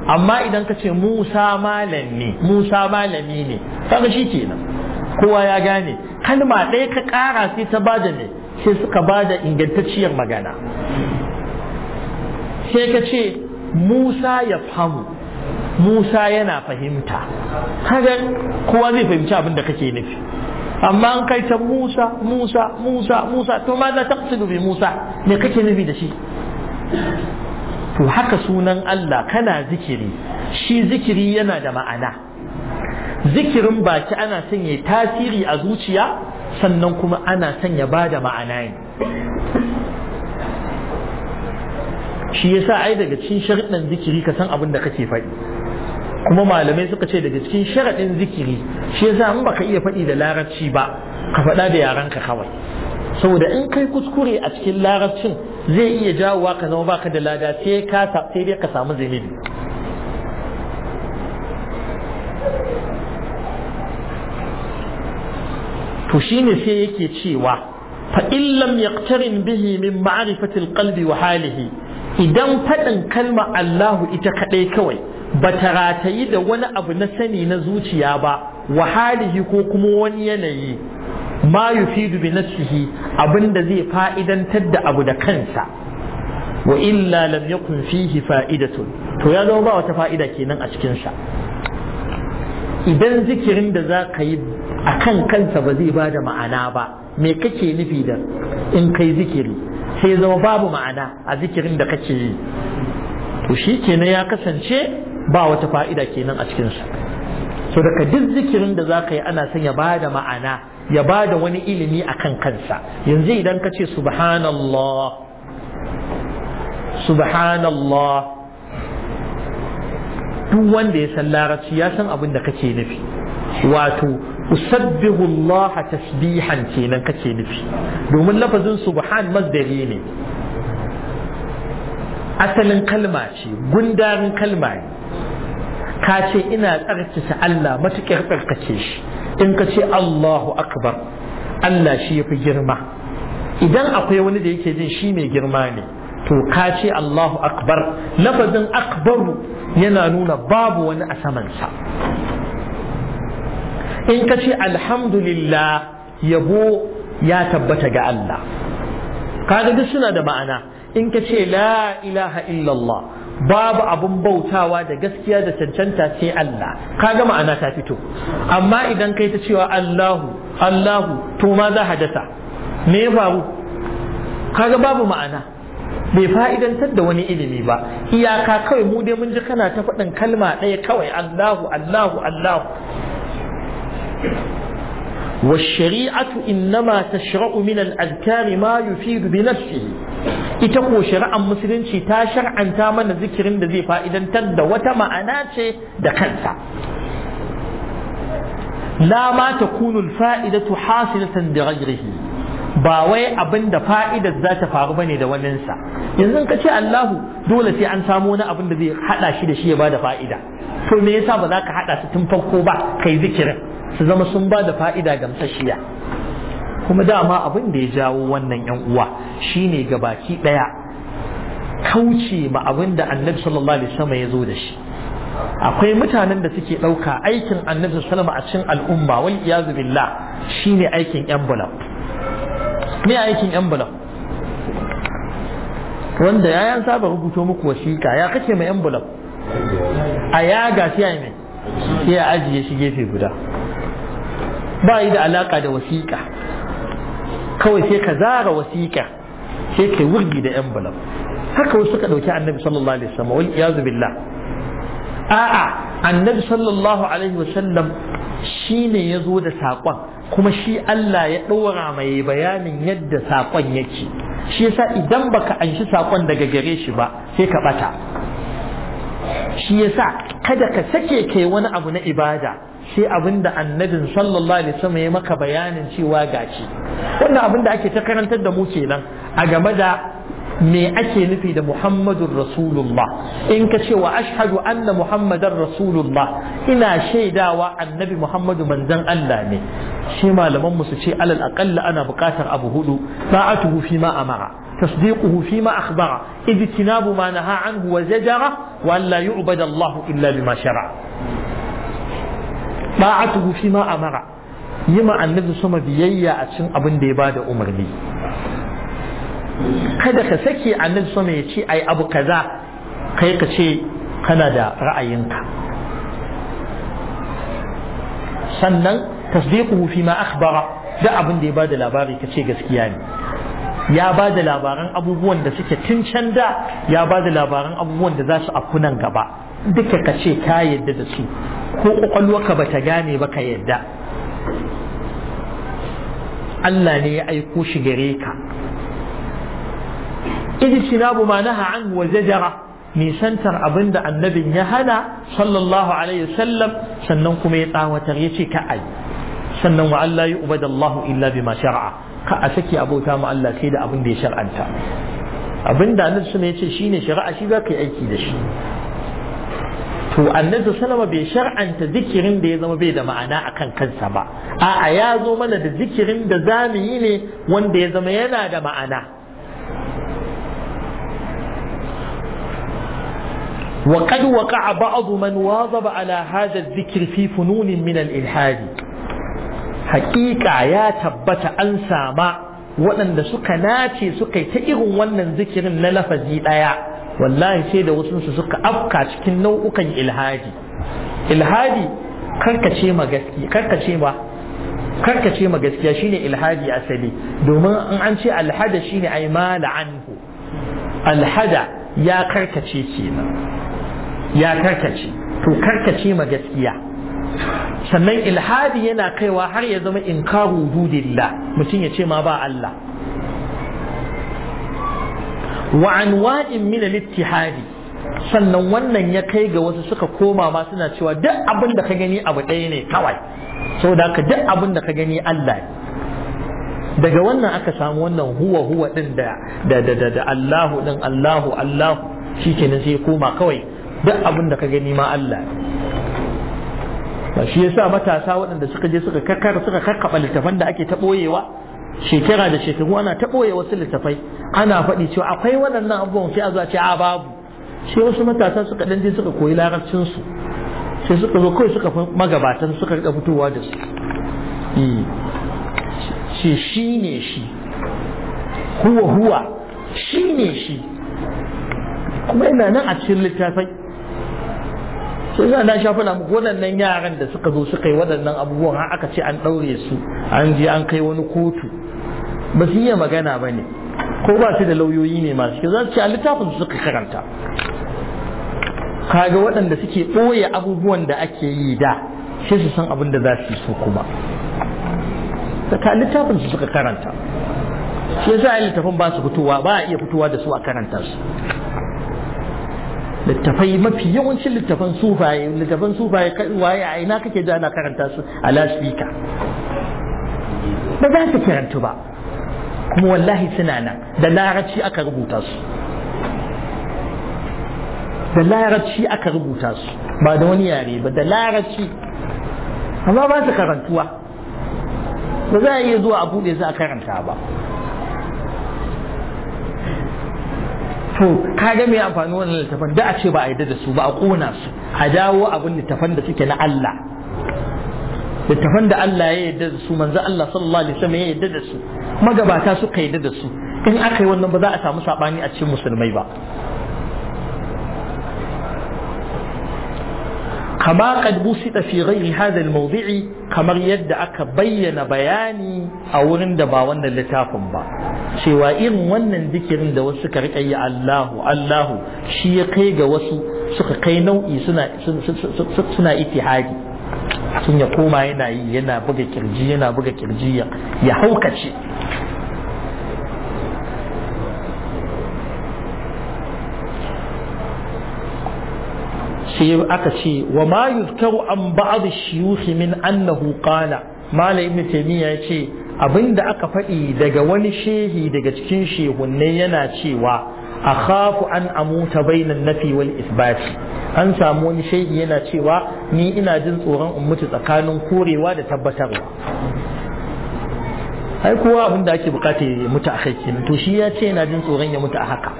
amma idan ka ce musa malami musa malami ne kaga shi kenan kowa ya gane kalma ɗaya ka ƙara sai ta bada ne sai suka ba da ingantacciyar magana sai ka ce musa ya famu musa yana fahimta haka kowa zai fahimci abin da kake nufi amma an kai ta musa musa musa musa to ma za ta bi musa me kake nufi da shi to haka sunan Allah kana zikiri shi zikiri yana da ma'ana zikirin baki ana sanya tasiri a zuciya sannan kuma ana sanya ba da ma'ana ne shi ya sa ai daga cikin sharaɗin zikiri ka san abin da kake faɗi kuma malamai suka ce daga cikin sharaɗin zikiri shi ya yasa in ka iya faɗi da larabci ba ka faɗa da yaranka kawai saboda in kai kuskure a cikin larabcin zai iya jawowa ka zama baka da lada sai ka sai dai ka samu zunubi to shine sai yake cewa fa in lam yaqtarin bihi min ma'rifati alqalbi wa halihi idan faɗin kalma Allahu ita kaɗai kawai ba ta ratayi da wani abu na sani na zuciya ba wa halihi ko kuma wani yanayi ma yufidu bi nafsihi abinda zai fa'idantar da abu da kansa wa illa lam yakun fihi fa'idatun to ya zama ba wata fa'ida kenan a cikin sa idan zikirin da za ka yi a kan kansa ba zai ba da ma'ana ba me kake nufi da in kai zikiri sai zama babu ma'ana a zikirin da kake yi to shi kenan ya kasance ba wata fa'ida kenan a cikinsa so daga duk zikirin da za ka yi ana son ya ba da ma'ana ya ba da wani ilimi a kan kansa yanzu idan ka ce subhanallah subhanallah duk wanda ya san larabci ya san abin da kake nufi wato usabbihu Allah tasbihan kenan kake nufi domin lafazin subhan masdari ne asalin kalma ce gundarin kalma ne ka ce ina tsarkake Allah matuƙar tsarkace shi in ka ce Allahu akbar Allah shi yafi girma idan akwai wani da yake jin shi mai girma ne to ka ce Allahu akbar lafazin akbaru yana nuna babu wani a samansa in ka ce alhamdulillah yabo ya tabbata ga Allah kaga duk suna da ma'ana in ka ce la ilaha illallah babu abun bautawa da gaskiya da cancanta ce Allah kaga ma'ana ta fito amma idan kai ta cewa Allahu Allahu to ma za hadasa me ya faru kaga babu ma'ana bai fa'idantar da wani ilimi ba iyaka kawai mu dai mun ji kana ta faɗin kalma ɗaya kawai Allahu Allahu Allahu والشريعة إنما تشرع من الأذكار ما يفيد بنفسه إتقو شرع مسلم شتا شرعا تاما ذكر ذي فائدا تد وتما أناتي دكنسا لا ما تكون الفائدة حاصلة بغيره ba wai abin da fa'idar za ta faru bane da waninsa yanzu ka ce Allahu dole sai an samu wani abin da zai haɗa shi da shi ya bada fa'ida to me yasa ba za ka haɗa su tun farko ba kai zikirin su zama sun bada fa'ida gamsashiya kuma dama abin da ya jawo wannan yan uwa shine gabaki ɗaya kauce ma abin da Annabi sallallahu alaihi wasallam ya zo da shi akwai mutanen da suke ɗauka aikin annabi sallama a cikin al'umma wal iyazu billah shine aikin envelope me aikin yan bulan wanda ya yan saba rubuto muku wasiƙa ya kace mai yan bulan a ya ga sai ya mai sai ya ajiye shi gefe guda ba yi da alaƙa da wasiƙa kawai sai ka zara wasiƙa sai ka wurgi da yan bulan haka wasu suka ɗauki annabi sallallahu alaihi wasallam wal iyazu billah a'a annabi sallallahu alaihi wasallam shine yazo da saƙon kuma shi Allah ya ɗora mai bayanin yadda saƙon yake shi yasa idan baka anshi saƙon daga gare shi ba sai ka ɓata shi yasa kada ka sake kai wani abu na ibada sai abin da annabin sallallahu alaihi wasallam ya maka bayanin cewa gaci wannan abin da ake ta karantar da mu kenan a game da me ake nufi da muhammadun rasulullah in ka ce wa ashhadu anna muhammadan rasulullah ina shaidawa annabi muhammadu manzan Allah ne shi malaman su ce alal aqalla ana buƙatar abu hudu ta'atuhu fi ma amara تصديقه فيما أخبره اجتناب ما نهى عنه وزجره وأن لا يعبد الله إلا بما شرع طاعته فيما أمر يما أن نفسه بيئة أتشن أبن ديبادة أمرني kada ka sake annabi sama ya ce ai abu kaza kai ka ce kana da ra'ayinka sannan tasdiquhu fi ma akhbara da abin da ya bada labari ka ce gaskiya ne ya bada labaran abubuwan da suke tun can da ya bada labaran abubuwan da za su afku nan gaba duka ka ce ka yadda da su ko kwakwalwarka ba ta gane ba ka yadda Allah ne ya aiko shi gare ka ijtinabu ma naha an wa zajara nisantar abinda annabin ya hana sallallahu alaihi wasallam sannan kuma ya tsawatar ya ce ka ai sannan wa Allah ya ubada Allah illa bima shar'a ka a saki abota ma Allah sai da abin da ya shar'anta abinda annabi suna yace shine shari'a shi zaka yi aiki da shi to annabi sallama bai shar'anta zikirin da ya zama bai da ma'ana akan kan kansa ba a'a ya zo mana da zikirin da zamu yi ne wanda ya zama yana da ma'ana وقد waƙa بعض من واظب على هذا الذكر في فنون من الإلحاد حقيقة يا تبت أنسى ما waɗanda suka nace suka yi ta irin wannan zikirin na lafazi ɗaya wallahi sai da wasunsu suka afka cikin nau'ukan ilhadi ilhadi karkace ma gaskiya karkace ma karkace ma gaskiya shine ilhadi asali domin in an ce alhada shine ay mala anhu alhada ya karkace kenan ya karkace to karkace ma gaskiya sannan ilhadi yana kaiwa har ya zama inkaru hududillah mutum ya ce ma ba Allah wa wa'in min al-ittihadi sannan wannan ya kai ga wasu suka koma ma suna cewa duk abin da ka gani abu ɗaya ne kawai saboda ka duk abin da ka gani Allah ne daga wannan aka samu wannan huwa huwa din da da da Allahu din Allahu Allahu shikenan sai koma kawai duk abin da ka gani ma Allah ba shi yasa matasa waɗanda suka je suka kakkar suka kakkaba littafan da ake taɓoyewa shekara da shekaru ana taɓoye wasu littafai ana faɗi cewa akwai waɗannan abubuwan sai a zuwa ce a babu sai wasu matasa suka ɗan je suka koyi larabcin su sai suka zo kawai suka magabatan suka riƙa fitowa da su eh, shi shi ne shi huwa huwa shi ne shi kuma ina nan a cikin littafai sai za na sha faɗa muku waɗannan yaran da suka zo suka yi waɗannan abubuwan har aka ce an ɗaure su an je an kai wani kotu ba su iya magana ba ne ko ba su da lauyoyi ne masu kyau za su ce a littafin su suka karanta kaga waɗanda suke ɓoye abubuwan da ake yi da sai su san abin da za su yi su kuma ta littafin su suka karanta shi yasa littafin ba su fitowa ba a iya fitowa da su a karanta su littafai mafi yawancin littafan sufaye littafan sufaye waye a ina kake da ana karanta su a lasfika ba za su karantu ba kuma wallahi suna nan da larabci aka rubuta su da larabci aka rubuta su ba da wani yare ba da larabci amma ba su karantuwa ba za a iya zuwa a buɗe su a karanta ba to kaga me amfani wannan littafan da a ce ba a yadda da su ba a kona su a dawo abin littafan da suke na Allah littafan da Allah ya yadda da su manzo Allah sallallahu alaihi wasallam ya yadda da su magabata suka yadda da su in aka yi wannan ba za a samu sabani a cikin musulmai ba kama qad busita fi ghairi hadha al-mawdi'i kamar yadda aka bayyana bayani a wurin da ba wannan littafin ba cewa irin wannan dikirin da wasu suka rike Allahu Allahu shi ya kai ga wasu suka kai nau'i suna suna ittihadi sun ya koma yana yi yana buga kirji yana buga kirji ya haukace sai aka ce wa ma yuzkaru an ba shiyukh min annahu qala malai ibn taymiya ce abinda aka faɗi daga wani shehi daga cikin shehunne yana cewa akhafu an amuta bainan nafi wal isbat an samu wani shehi yana cewa ni ina jin tsoron in mutu tsakanin korewa da tabbatarwa ai kowa abin da ake bukata ya mutu a kai kenan to shi ya ce ina jin tsoron ya mutu a haka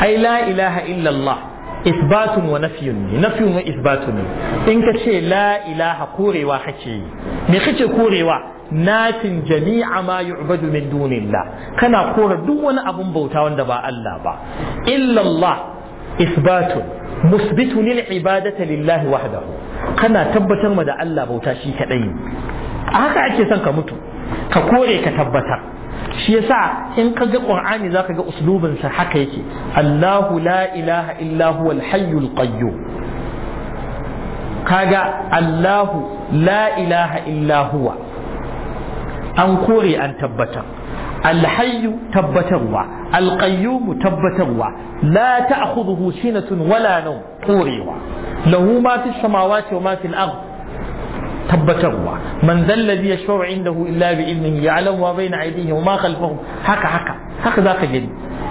ai la ilaha illallah isbatun wa nafiyun ne isbatun ne in ka ce la ilaha korewa kake yi me kace korewa natin jami'a ma yu'badu min dunillah kana kora duk wani abun bauta wanda ba Allah ba illa Allah isbatun musbitun lil ibadata lillahi wahdahu kana tabbatar ma da Allah bauta shi kadai haka ake son ka mutu ka kore ka tabbatar shi yasa in ka ga qur'ani zaka ga uslubin sa haka yake Allahu la ilaha illa huwa al-hayyul qayyum kaga Allahu la ilaha illa huwa an kore an tabbatar alhayyu tabbatarwa alqayyumu tabbatarwa la ta'khudhuhu sinatun wala nawm korewa lahu ma fi samawati wa ma fil tabbatarwa man zallabi ya shafa inda hu illa bi ilmihi ya alawa bai na wa ma khalfahu haka haka haka za ka gani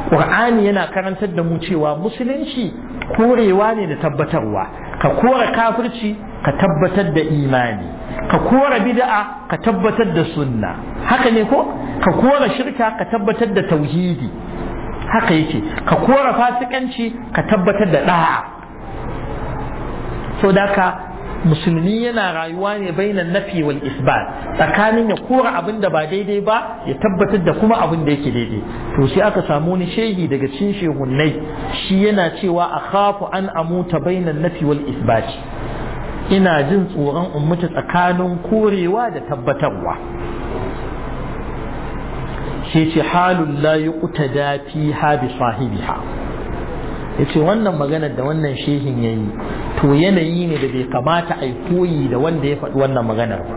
qur'ani yana karantar da mu cewa musulunci korewa ne da tabbatarwa ka kore kafirci ka tabbatar da imani ka kore bid'a ka tabbatar da sunna haka ne ko ka kore shirka ka tabbatar da tauhidi haka yake ka kore fasikanci ka tabbatar da da'a so da ka musulmi yana rayuwa ne bainan nafi wal isbat tsakanin ya kura abin da ba daidai ba ya tabbatar da kuma abin da yake daidai to sai aka samu wani shehi daga cikin shehunnai shi yana cewa a kafu an amuta bainan nafi wal isbat ina jin tsoron in mutu tsakanin korewa da tabbatarwa shi ce halun la yuqtada fiha bi sahibiha ya ce wannan maganar da wannan shehin ya yi to yanayi ne da bai kamata a koyi da wanda ya faɗi wannan maganar ba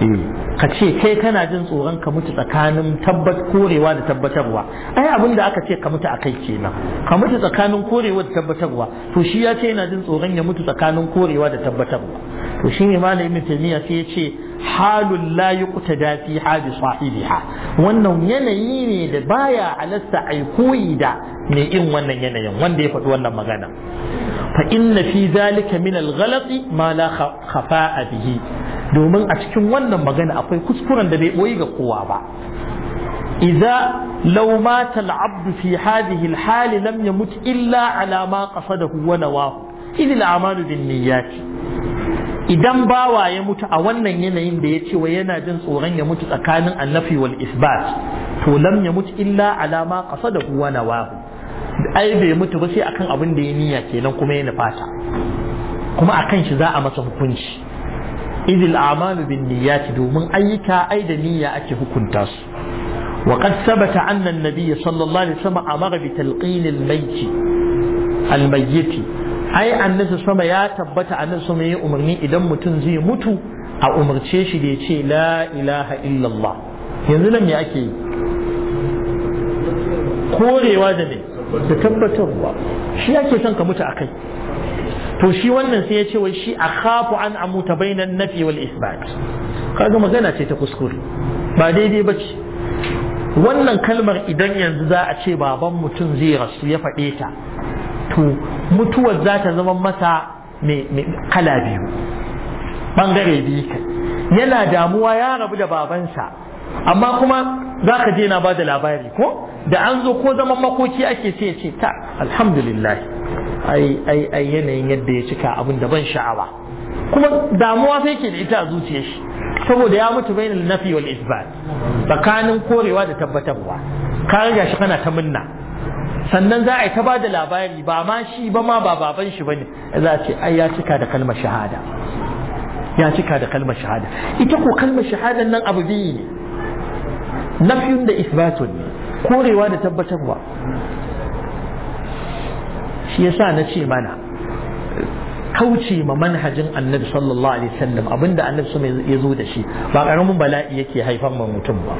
hmm. ka ce kai kana jin tsoron ka mutu tsakanin tabbat korewa da tabbatarwa ai abin da aka ce ka mutu a akai kenan ka mutu tsakanin korewa da tabbatarwa to shi ya ce yana jin tsoron ya mutu tsakanin korewa da tabbatarwa to shine malam ibn taymiya sai ya ce halul la yuqtada fi hali sahibiha wannan yanayi ne da baya alasta ai koyi da mai in wannan yanayin wanda ya faɗi wannan magana fa inna fi zalika min al ma la khafa'a bihi domin a cikin wannan magana akwai kuskuren da bai boyi ga kowa ba إذا لو مات العبد في هذه الحال لم يمت إلا على ما قصده da إذ الأعمال بالنيات idan bawa ya mutu a wannan yanayin da ya ce wa yana jin tsoron ya mutu tsakanin annafi wal isbat to lam ya mutu illa alama kasa da kuwa na wahu ai bai mutu ba sai akan abin da ya niyya kenan kuma ya nufata kuma akan shi za a masa hukunci idil amalu bin niyyati domin ayyuka ai da niyya ake hukunta su وقد ثبت أن النبي صلى الله عليه وسلم أمر بتلقين al الميت ai annabi sama ya tabbata annabi sama ya umarni idan mutum zai mutu a umarce shi da ya ce la ilaha illallah yanzu nan me ake yi korewa da ne da tabbatarwa shi ake son ka mutu akai to shi wannan sai ya ce wai shi akhafu an amuta bainan nafi wal isbat kaga magana ce ta kuskure ba daidai bace wannan kalmar idan yanzu za a ce baban mutum zai rasu ya faɗe ta to mutuwar za ta zama masa kala biyu ɓangare biyu yana damuwa ya rabu da babansa amma kuma za ka je na ba da labari ko da an zo ko zaman makoki ake ce ce ta alhamdulillah ai ai ai yanayin yadda ya cika abin da ban sha'awa kuma damuwa sai ke da ita a zuciyar shi saboda ya mutu bainal nafi wal isbat tsakanin korewa da tabbatarwa ka riga shi kana ta minna sannan za a yi ta ba da labari ba ma shi ba ma ba baban shi ba ne za a ce ai ya cika da kalmar shahada ya cika da kalmar shahada ita ko kalmar shahadar nan abu biyu ne nafiyun da isbatun ne korewa da tabbatarwa shi yasa na ce mana kauce ma manhajin annabi sallallahu alaihi wasallam abinda annabi su ya zo da shi ba karamin bala'i yake haifar ma mutum ba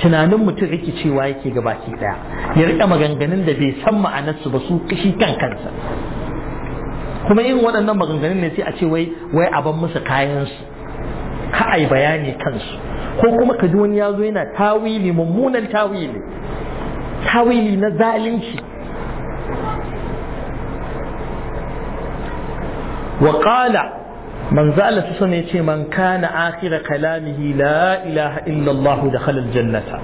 tunanin mutum rikicewa yake ga baki daya ya rika maganganun da bai san ma'anar su ba su kishi kan kansa kuma irin waɗannan maganganun ne sai a ce wai wai a ban musu kayan su ka ai bayani kansu ko kuma ka ji ya zo yana tawili mummunan tawili tawili na zalunci wa qala manzo Allah ce man kana akhira kalamihi la ilaha illa Allah dakhala aljannata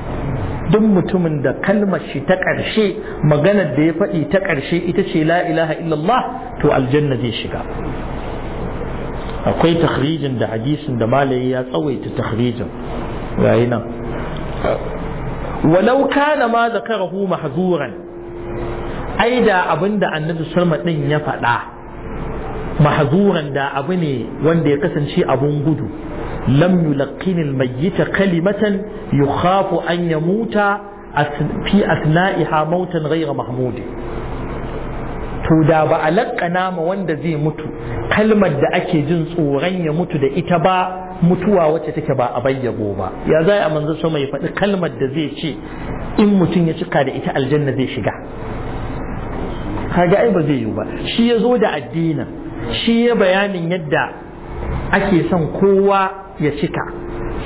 duk mutumin da kalmar shi ta ƙarshe maganar da ya faɗi ta ƙarshe ita ce la ilaha illallah to aljanna zai shiga akwai takhrijin da hadisin da malayi ya tsawaita takhrijin yayi nan walau kana ma zakarahu mahzuran ai da abinda annabi sallama din ya faɗa mahzuran da abu ne wanda ya kasance abun gudu lam yulqin almayyita kalimatan yukhafu an yamuta fi asna'iha mautan ghayra mahmud to da ba a laƙana ma wanda zai mutu kalmar da ake jin tsoron ya mutu da ita ba mutuwa wacce take ba a bayyago ba ya za a manzo sama mai faɗi kalmar da zai ce in mutum ya cika da ita aljanna zai shiga kaga ai ba zai yi ba shi ya zo da addinin shi ya bayanin yadda ake son kowa ya cika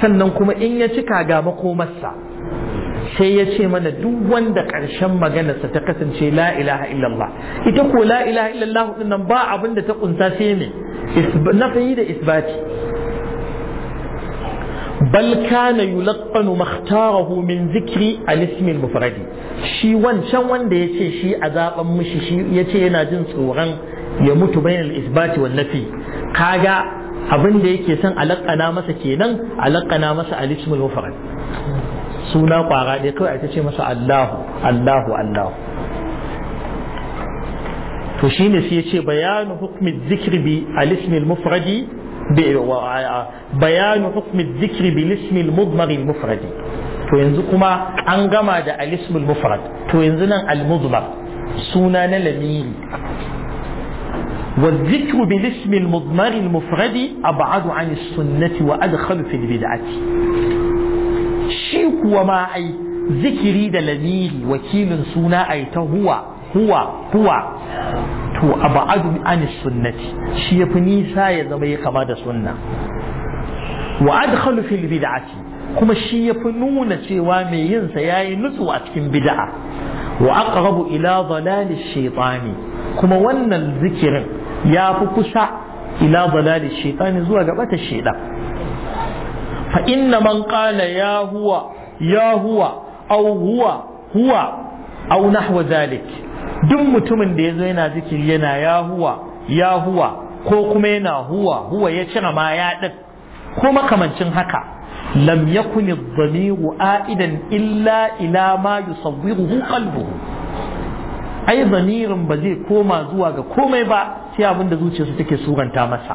sannan kuma in ya cika ga makomarsa sai ya ce mana duk wanda ƙarshen maganarsa ta kasance la ilaha illallah ita ko la ilaha illallah nan ba abin da ta kunsa sai ne nafi da isbati bal kana yulaqqanu makhtarahu min zikri al-ism mufradi shi wancan wanda yace shi azaban mushi shi ce yana jin tsoron ya mutu bayan isbati wal nafi kaga abin da yake son alakana masa kenan alakana masa alismul mufrad suna kwara ɗaya kawai ta ce masa Allahu Allahu Allahu to shi shine sai ce bayanu hukmi dhikri bi alismil mufradi bayanu hukmi dhikri bi alismil mudmar mufradi to yanzu kuma an gama da alismul mufrad to yanzu nan al suna na lamiri والذكر بالاسم المضمر المفرد أبعد عن السنة وأدخل في البدعة شيك وما أي ذكري دلميل وكيل سونا أي هو هو هو أبعد عن السنة شيبني ساية زمي خماد سنة وأدخل في البدعة كما الشيخ شيبنون سوام ينسى ياي نسوة كم بدعة وأقرب إلى ضلال الشيطان كما ون الذكر ya fi kusa ila balali shaitani zuwa ga bata shaida fa inna man qala ya huwa ya huwa aw huwa huwa aw nahwa zalik duk mutumin da yazo yana zikiri yana ya huwa ya huwa ko kuma yana huwa huwa ya cire ma ya din ko makamancin haka lam yakuni dhamiru a'idan illa ila ma yusawwiruhu qalbuhu ai zamirin ba zai koma zuwa ga komai ba sai abin da zuciyarsa take suranta masa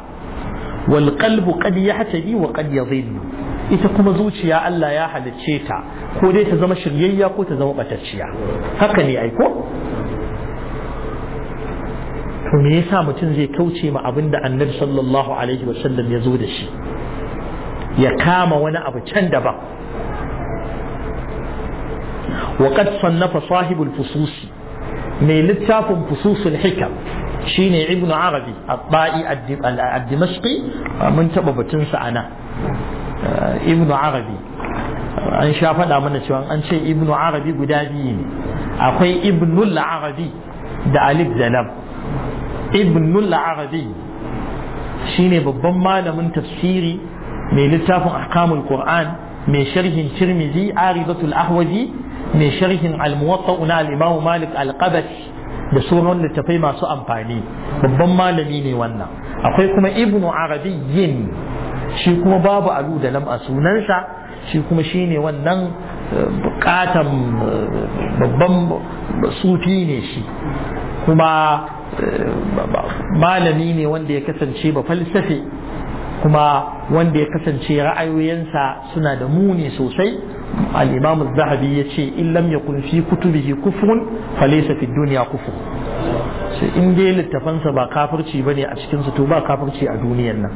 wal qalbu qad yahtadi wa qad yadhillu ita kuma zuciya Allah ya halicce ta ko dai ta zama shiryayya ko ta zama batacciya haka ne ai ko to me yasa mutum zai kauce ma abin da annabi sallallahu alaihi wa sallam ya zo da shi ya kama wani abu can daban وقد صنف صاحب الفصوص mai littafin fususul hikam shine ibn arabi ba'i ad-dimashqi ah, mun taba batun sa ana ah, ibn arabi an sha faɗa mana cewa an ce ibn arabi guda biyu ne akwai ibnul arabi da alif da Ibn arabi shine babban malamin tafsiri mai littafin ahkamul qur'an mai sharhin tirmizi aridatul ahwazi mai sharhin al na al malik al da sauran littafai masu amfani babban malami ne wannan akwai kuma ibnu arabiyyin shi kuma babu alu da lam a sunansa shi kuma ne wannan bukatan eh, eh, babban sufi ne shi kuma eh, malami ne wanda ya kasance ba falsafe kuma wanda ya kasance ra'ayoyinsa suna da muni sosai al-imam az-zahabi yace in lam yakun fi kutubihi kufrun falaysa fi dunya kufr in dai littafansa ba kafirci bane a cikin to ba kafirci a duniyar nan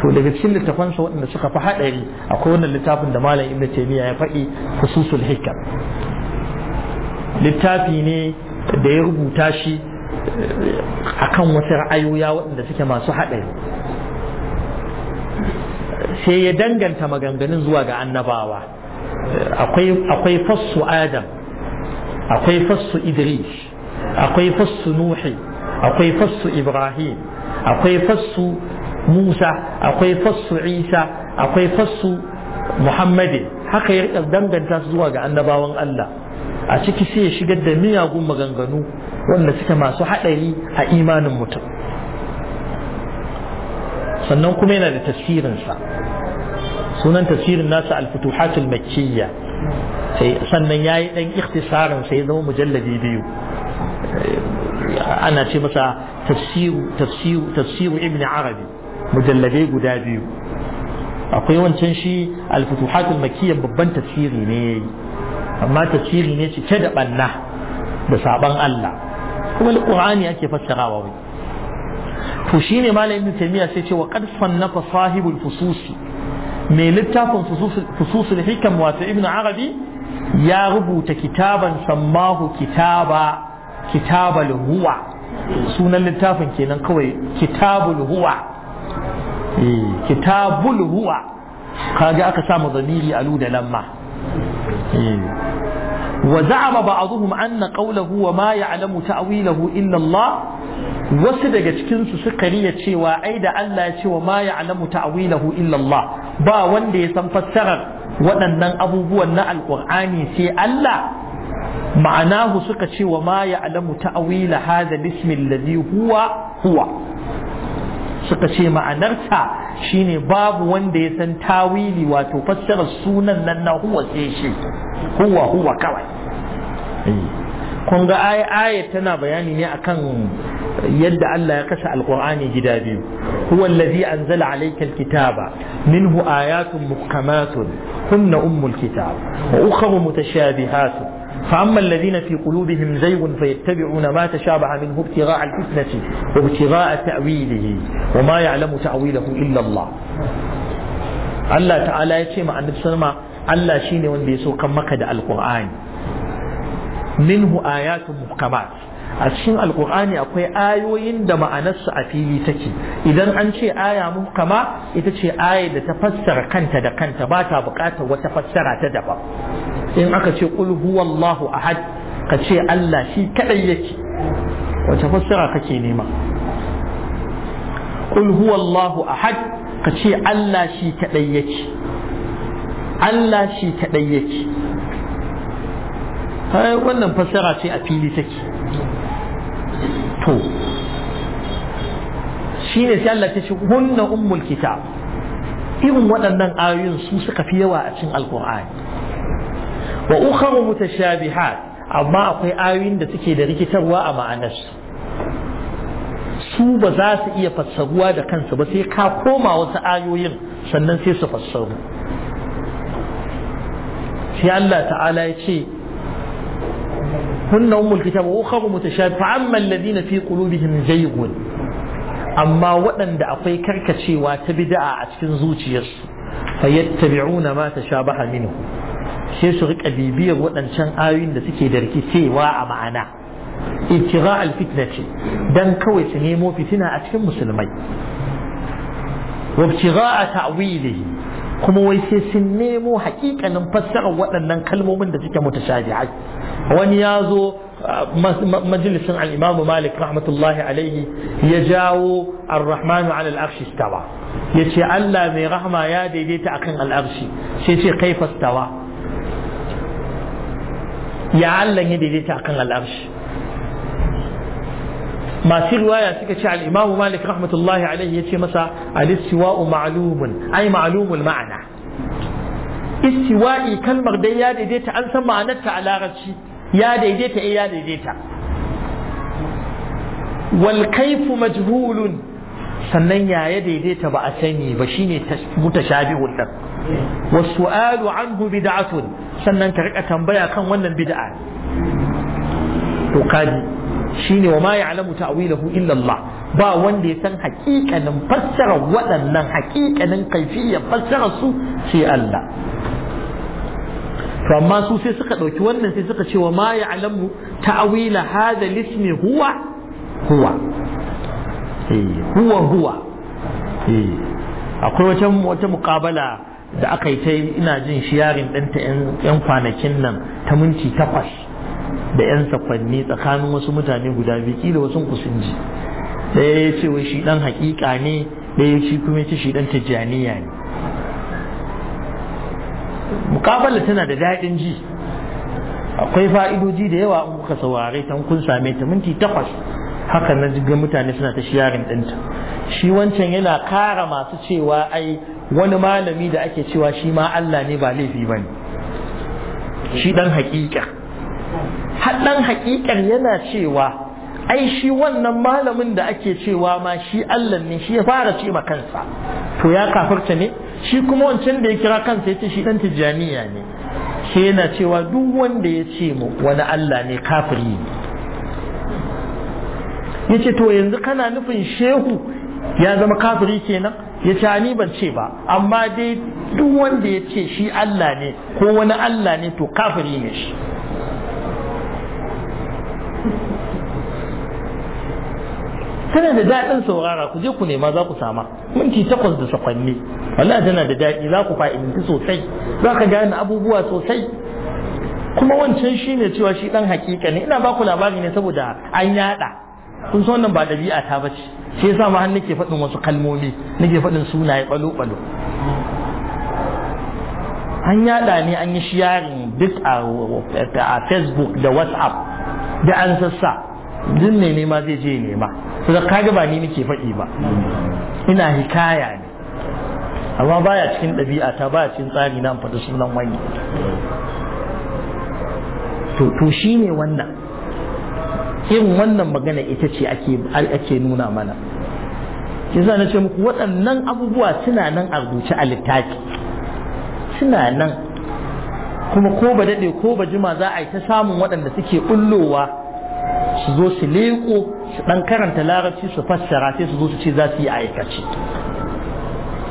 to daga cikin littafansa waɗanda suka fi haɗari akwai wannan littafin da malam ibnu taymiya ya faɗi fususul hikam littafi ne da ya rubuta shi akan wasu ra'ayoya waɗanda suke masu haɗari sai ya danganta maganganun zuwa ga annabawa akwai fassu adam akwai fassu idris akwai fassu nuhi akwai fassu ibrahim akwai fassu musa akwai fassu isa akwai fassu muhammadin haka ya danganta zuwa ga annabawan allah a ciki sai ya shigar da miyagun maganganu wanda suke masu haɗari a imanin mutum sannan kuma yana da tasirinsa sunan tafsirin nasa al-futuhatul makkiyya sai sannan yayi dan ikhtisarin sai zama mujalladi biyu ana ce masa tafsir tafsir tafsir ibn arabi mujalladi guda biyu akwai wancan shi al-futuhatul makkiyya babban tafsiri ne amma tafsiri ne cike da banna da saban Allah kuma alqur'ani ake fassarawa wai to shine malamin tamiya sai ce wa qad sannafa sahibul fususi mai littafin fususul hikam wato ibn arabi ya rubuta kitaban sammahu kitaba kitabal huwa sunan littafin kenan kawai kitabul huwa eh, kitabul huwa kaga aka samu zamiri alu da lamma وزعم بعضهم أن قوله وما يعلم تأويله illa الله wasu daga cikinsu suka riya cewa ai da Allah ya ce wa ma ya'lamu ta'wilahu illa Allah ba wanda ya san fassarar waɗannan abubuwan na Alƙur'ani sai Allah ma'anahu suka ce wa ma ya'lamu ta'wila hadha bismi alladhi huwa huwa suka ce ma'anarta shine babu wanda ya san tawili wato fassarar sunan nan na huwa sai shi huwa huwa kawai eh. kun ga aya tana bayani ne akan yadda Allah ya kashe alqur'ani gida biyu huwa allazi anzala alayka alkitaba minhu ayatun muhkamatun hunna ummul kitab wa ukhra mutashabihatun فأما الذين في قلوبهم زيغ فيتبعون ما تشابه منه ابتغاء الفتنة وابتغاء تأويله وما يعلم تأويله إلا الله الله تعالى يتشمع عن نفسنا الله شيني وندي سوكا مكة القرآن minhu ayatun muhkamat a cikin alkur'ani akwai ayoyin da ma'anarsu a fili take idan an ce aya muhkama ita ce aya da ta fassara kanta da kanta ba ta buƙatar wata fassara ta daban in aka ce qul huwallahu ahad ka ce Allah shi kadai yake fassara kake nema qul huwallahu ahad ka ce Allah shi kadai yake Allah shi kadai yake ai wannan fassara ce a fili take to shine sai Allah ta ce hunna ummul kitab irin waɗannan ayoyin su suka fi yawa a cikin alkur'ani wa ukharu mutashabihat amma akwai ayoyin da suke da rikitarwa a ma'anarsu su ba za su iya fassaruwa da kansu ba sai ka koma wasu ayoyin sannan sai su fassaru sai Allah ta'ala ya ce هن أم الكتاب وأخر متشابه فأما الذين في قلوبهم زيغ أما وأن دعطي كركتي وتبدأ أتكن زوجي فيتبعون ما تشابه منه شيء شغيك أبي بير شان آوين دا سكي دركي سيواء معنا ابتغاء الفتنة دان كويس نيمو فتنة أتكن مسلمي وابتغاء تعويله كما ويسي سنيمو حقيقة نمفسر وأن نكلمو من دا سكي wani ya zo majalisin al'imamu malik rahmatullahi alaihi ya jawo ar-rahmanu ala al'arshi stawa ya ce Allah mai rahma ya daidaita akan al'arshi sai ce kaifa stawa ya Allah ya daidaita akan al'arshi masu riwaya suka ce al'imamu malik rahmatullahi alaihi ya ce masa alistiwa'u ma'lumun ai ma'lumul ma'ana istiwa'i kalmar dai ya daidaita an san ma'anarta a larabci ya daidaita eh ya daidaita wal majhulun sannan ya ya daidaita ba a sani ba shine mutashabihun din wasu'alu anhu bid'atun sannan ka rika tambaya kan wannan bid'a to kaji shine wa ma ya'lamu ta'wilahu illa Allah ba wanda ya san haƙiƙanin fassarar waɗannan hakikanin kaifiyar fassarar su sai Allah to amma su sai suka ɗauki wannan sai suka ce wa ma ya'lamu ta'wila hadha lismi huwa huwa eh, huwa huwa eh, akwai wata wata da aka yi ta ina jin shiyarin ɗanta 'yan kwanakin nan ta minti takwas da 'yan sakwanni tsakanin wasu mutane guda biyu kila wasu kusinji. Sai ɗaya ya ce wai shi ɗan haƙiƙa ne ɗaya shi kuma ya ce shi ɗan tijjaniya ne mukabala tana da daɗin ji akwai fa'idodi da yawa in kuka saurare ta kun same ta minti takwas haka na ga mutane suna ta shiyarin ɗinta shi wancan yana kara masu cewa ai wani malami da ake cewa shi ma Allah ne ba laifi ba ne shi ɗan haƙiƙa ɗan haƙiƙar yana cewa ai shi wannan malamin da ake cewa ma shi Allah ne shi ya fara ce ma kansa to ya kafirta ne shi kuma wancan da ya kira kansa ya ce shi dan tijjaniya ne shi yana cewa duk wanda ya ce mu wani Allah ne kafiri ne ya ce to yanzu kana nufin shehu ya zama kafiri kenan ya ce ni ban ce ba amma dai duk wanda ya ce shi Allah ne ko wani Allah ne to kafiri ne shi tana da daɗin saurara ku je ku nema za ku sama minti takwas da sakwanni wallahi tana da daɗi za ku fa'idinta sosai za ka gane abubuwa sosai kuma wancan shi ne cewa shi ɗan hakika ne ina ba ku labari ne saboda an yaɗa kun san wannan ba ɗabi'a ta ba ce shi yasa ma har nake faɗin wasu kalmomi nake faɗin sunaye ɓalo-ɓalo an yaɗa ne an yi shiyarin duk a facebook da whatsapp da an sassa duk ne nema zai je nema su da kaga ba ni nake faɗi ba ina hikaya ne amma baya cikin ɗabi'a ta baya cikin tsari na faɗi sunan wani to to shine wannan irin wannan magana ita ce ake nuna mana yasa na ce muku waɗannan abubuwa suna nan a rubuce a littafi suna nan kuma ko ba daɗe ko ba jima za a yi ta samun waɗanda suke ɓullowa su zo su leko su ɗan karanta larabci su fassara sai su zo su ce za su yi aikace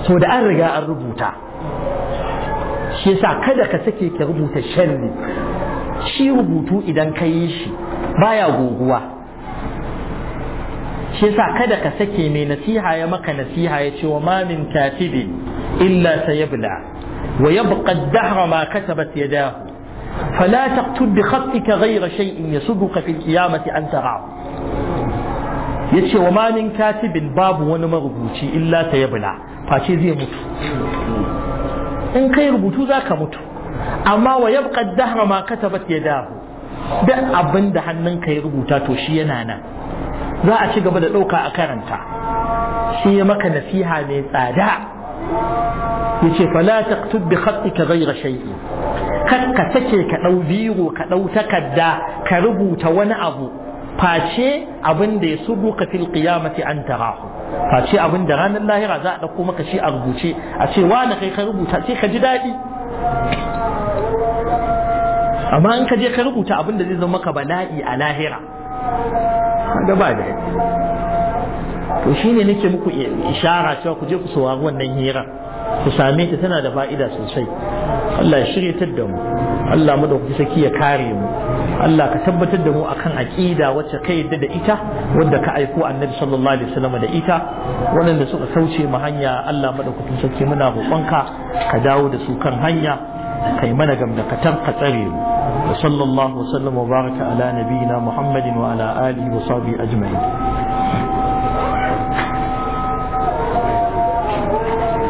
to da an riga an rubuta shi yasa kada ka sake ka rubuta sharri shi rubutu idan ka yi shi baya goguwa shi yasa kada ka sake mai nasiha ya maka nasiha ya ce wa ma min katibin illa sayabla wa yabqa ad-dahr ma katabat yadahu فلا تقتل بخطئك غير شيء يسدك في القيامة أن تراه yace wa manin min katibin babu wani marubuci illa ta ya yabla face zai mutu in kai rubutu za ka mutu amma wa yabqa ad-dahr ma katabat yadahu duk abin da hannunka ya rubuta to shi yana nan za a ci gaba da ɗauka a karanta shi ya maka nasiha mai tsada yace fala taktub bi khatika ghayra shay'in kakka take ka dau biro ka dau takarda ka rubuta wani abu face abin da ya subu ka fil qiyamati an tarahu face abin da ranar lahira za a dauko maka shi a rubuce a ce wa na kai ka rubuta sai ka ji dadi amma in ka je ka rubuta abin da zai zama maka bala'i a lahira ga ba da to shi ne nake muku ishara cewa ku je ku saurari wannan hira ku same ta tana da fa'ida sosai Allah ya shirya da mu Allah mu da ku saki ya kare mu Allah ka tabbatar da mu akan aqida wacce ka yadda da ita wadda ka aiko Annabi sallallahu alaihi wasallam da ita waɗanda suka sauce mu hanya Allah madaukakin saki, muna roƙonka ka dawo da su kan hanya kai mana gamdakatar ka tsare mu wa ala وسلم وبارك Muhammadin wa ala وعلى wa وصحبه ajma'in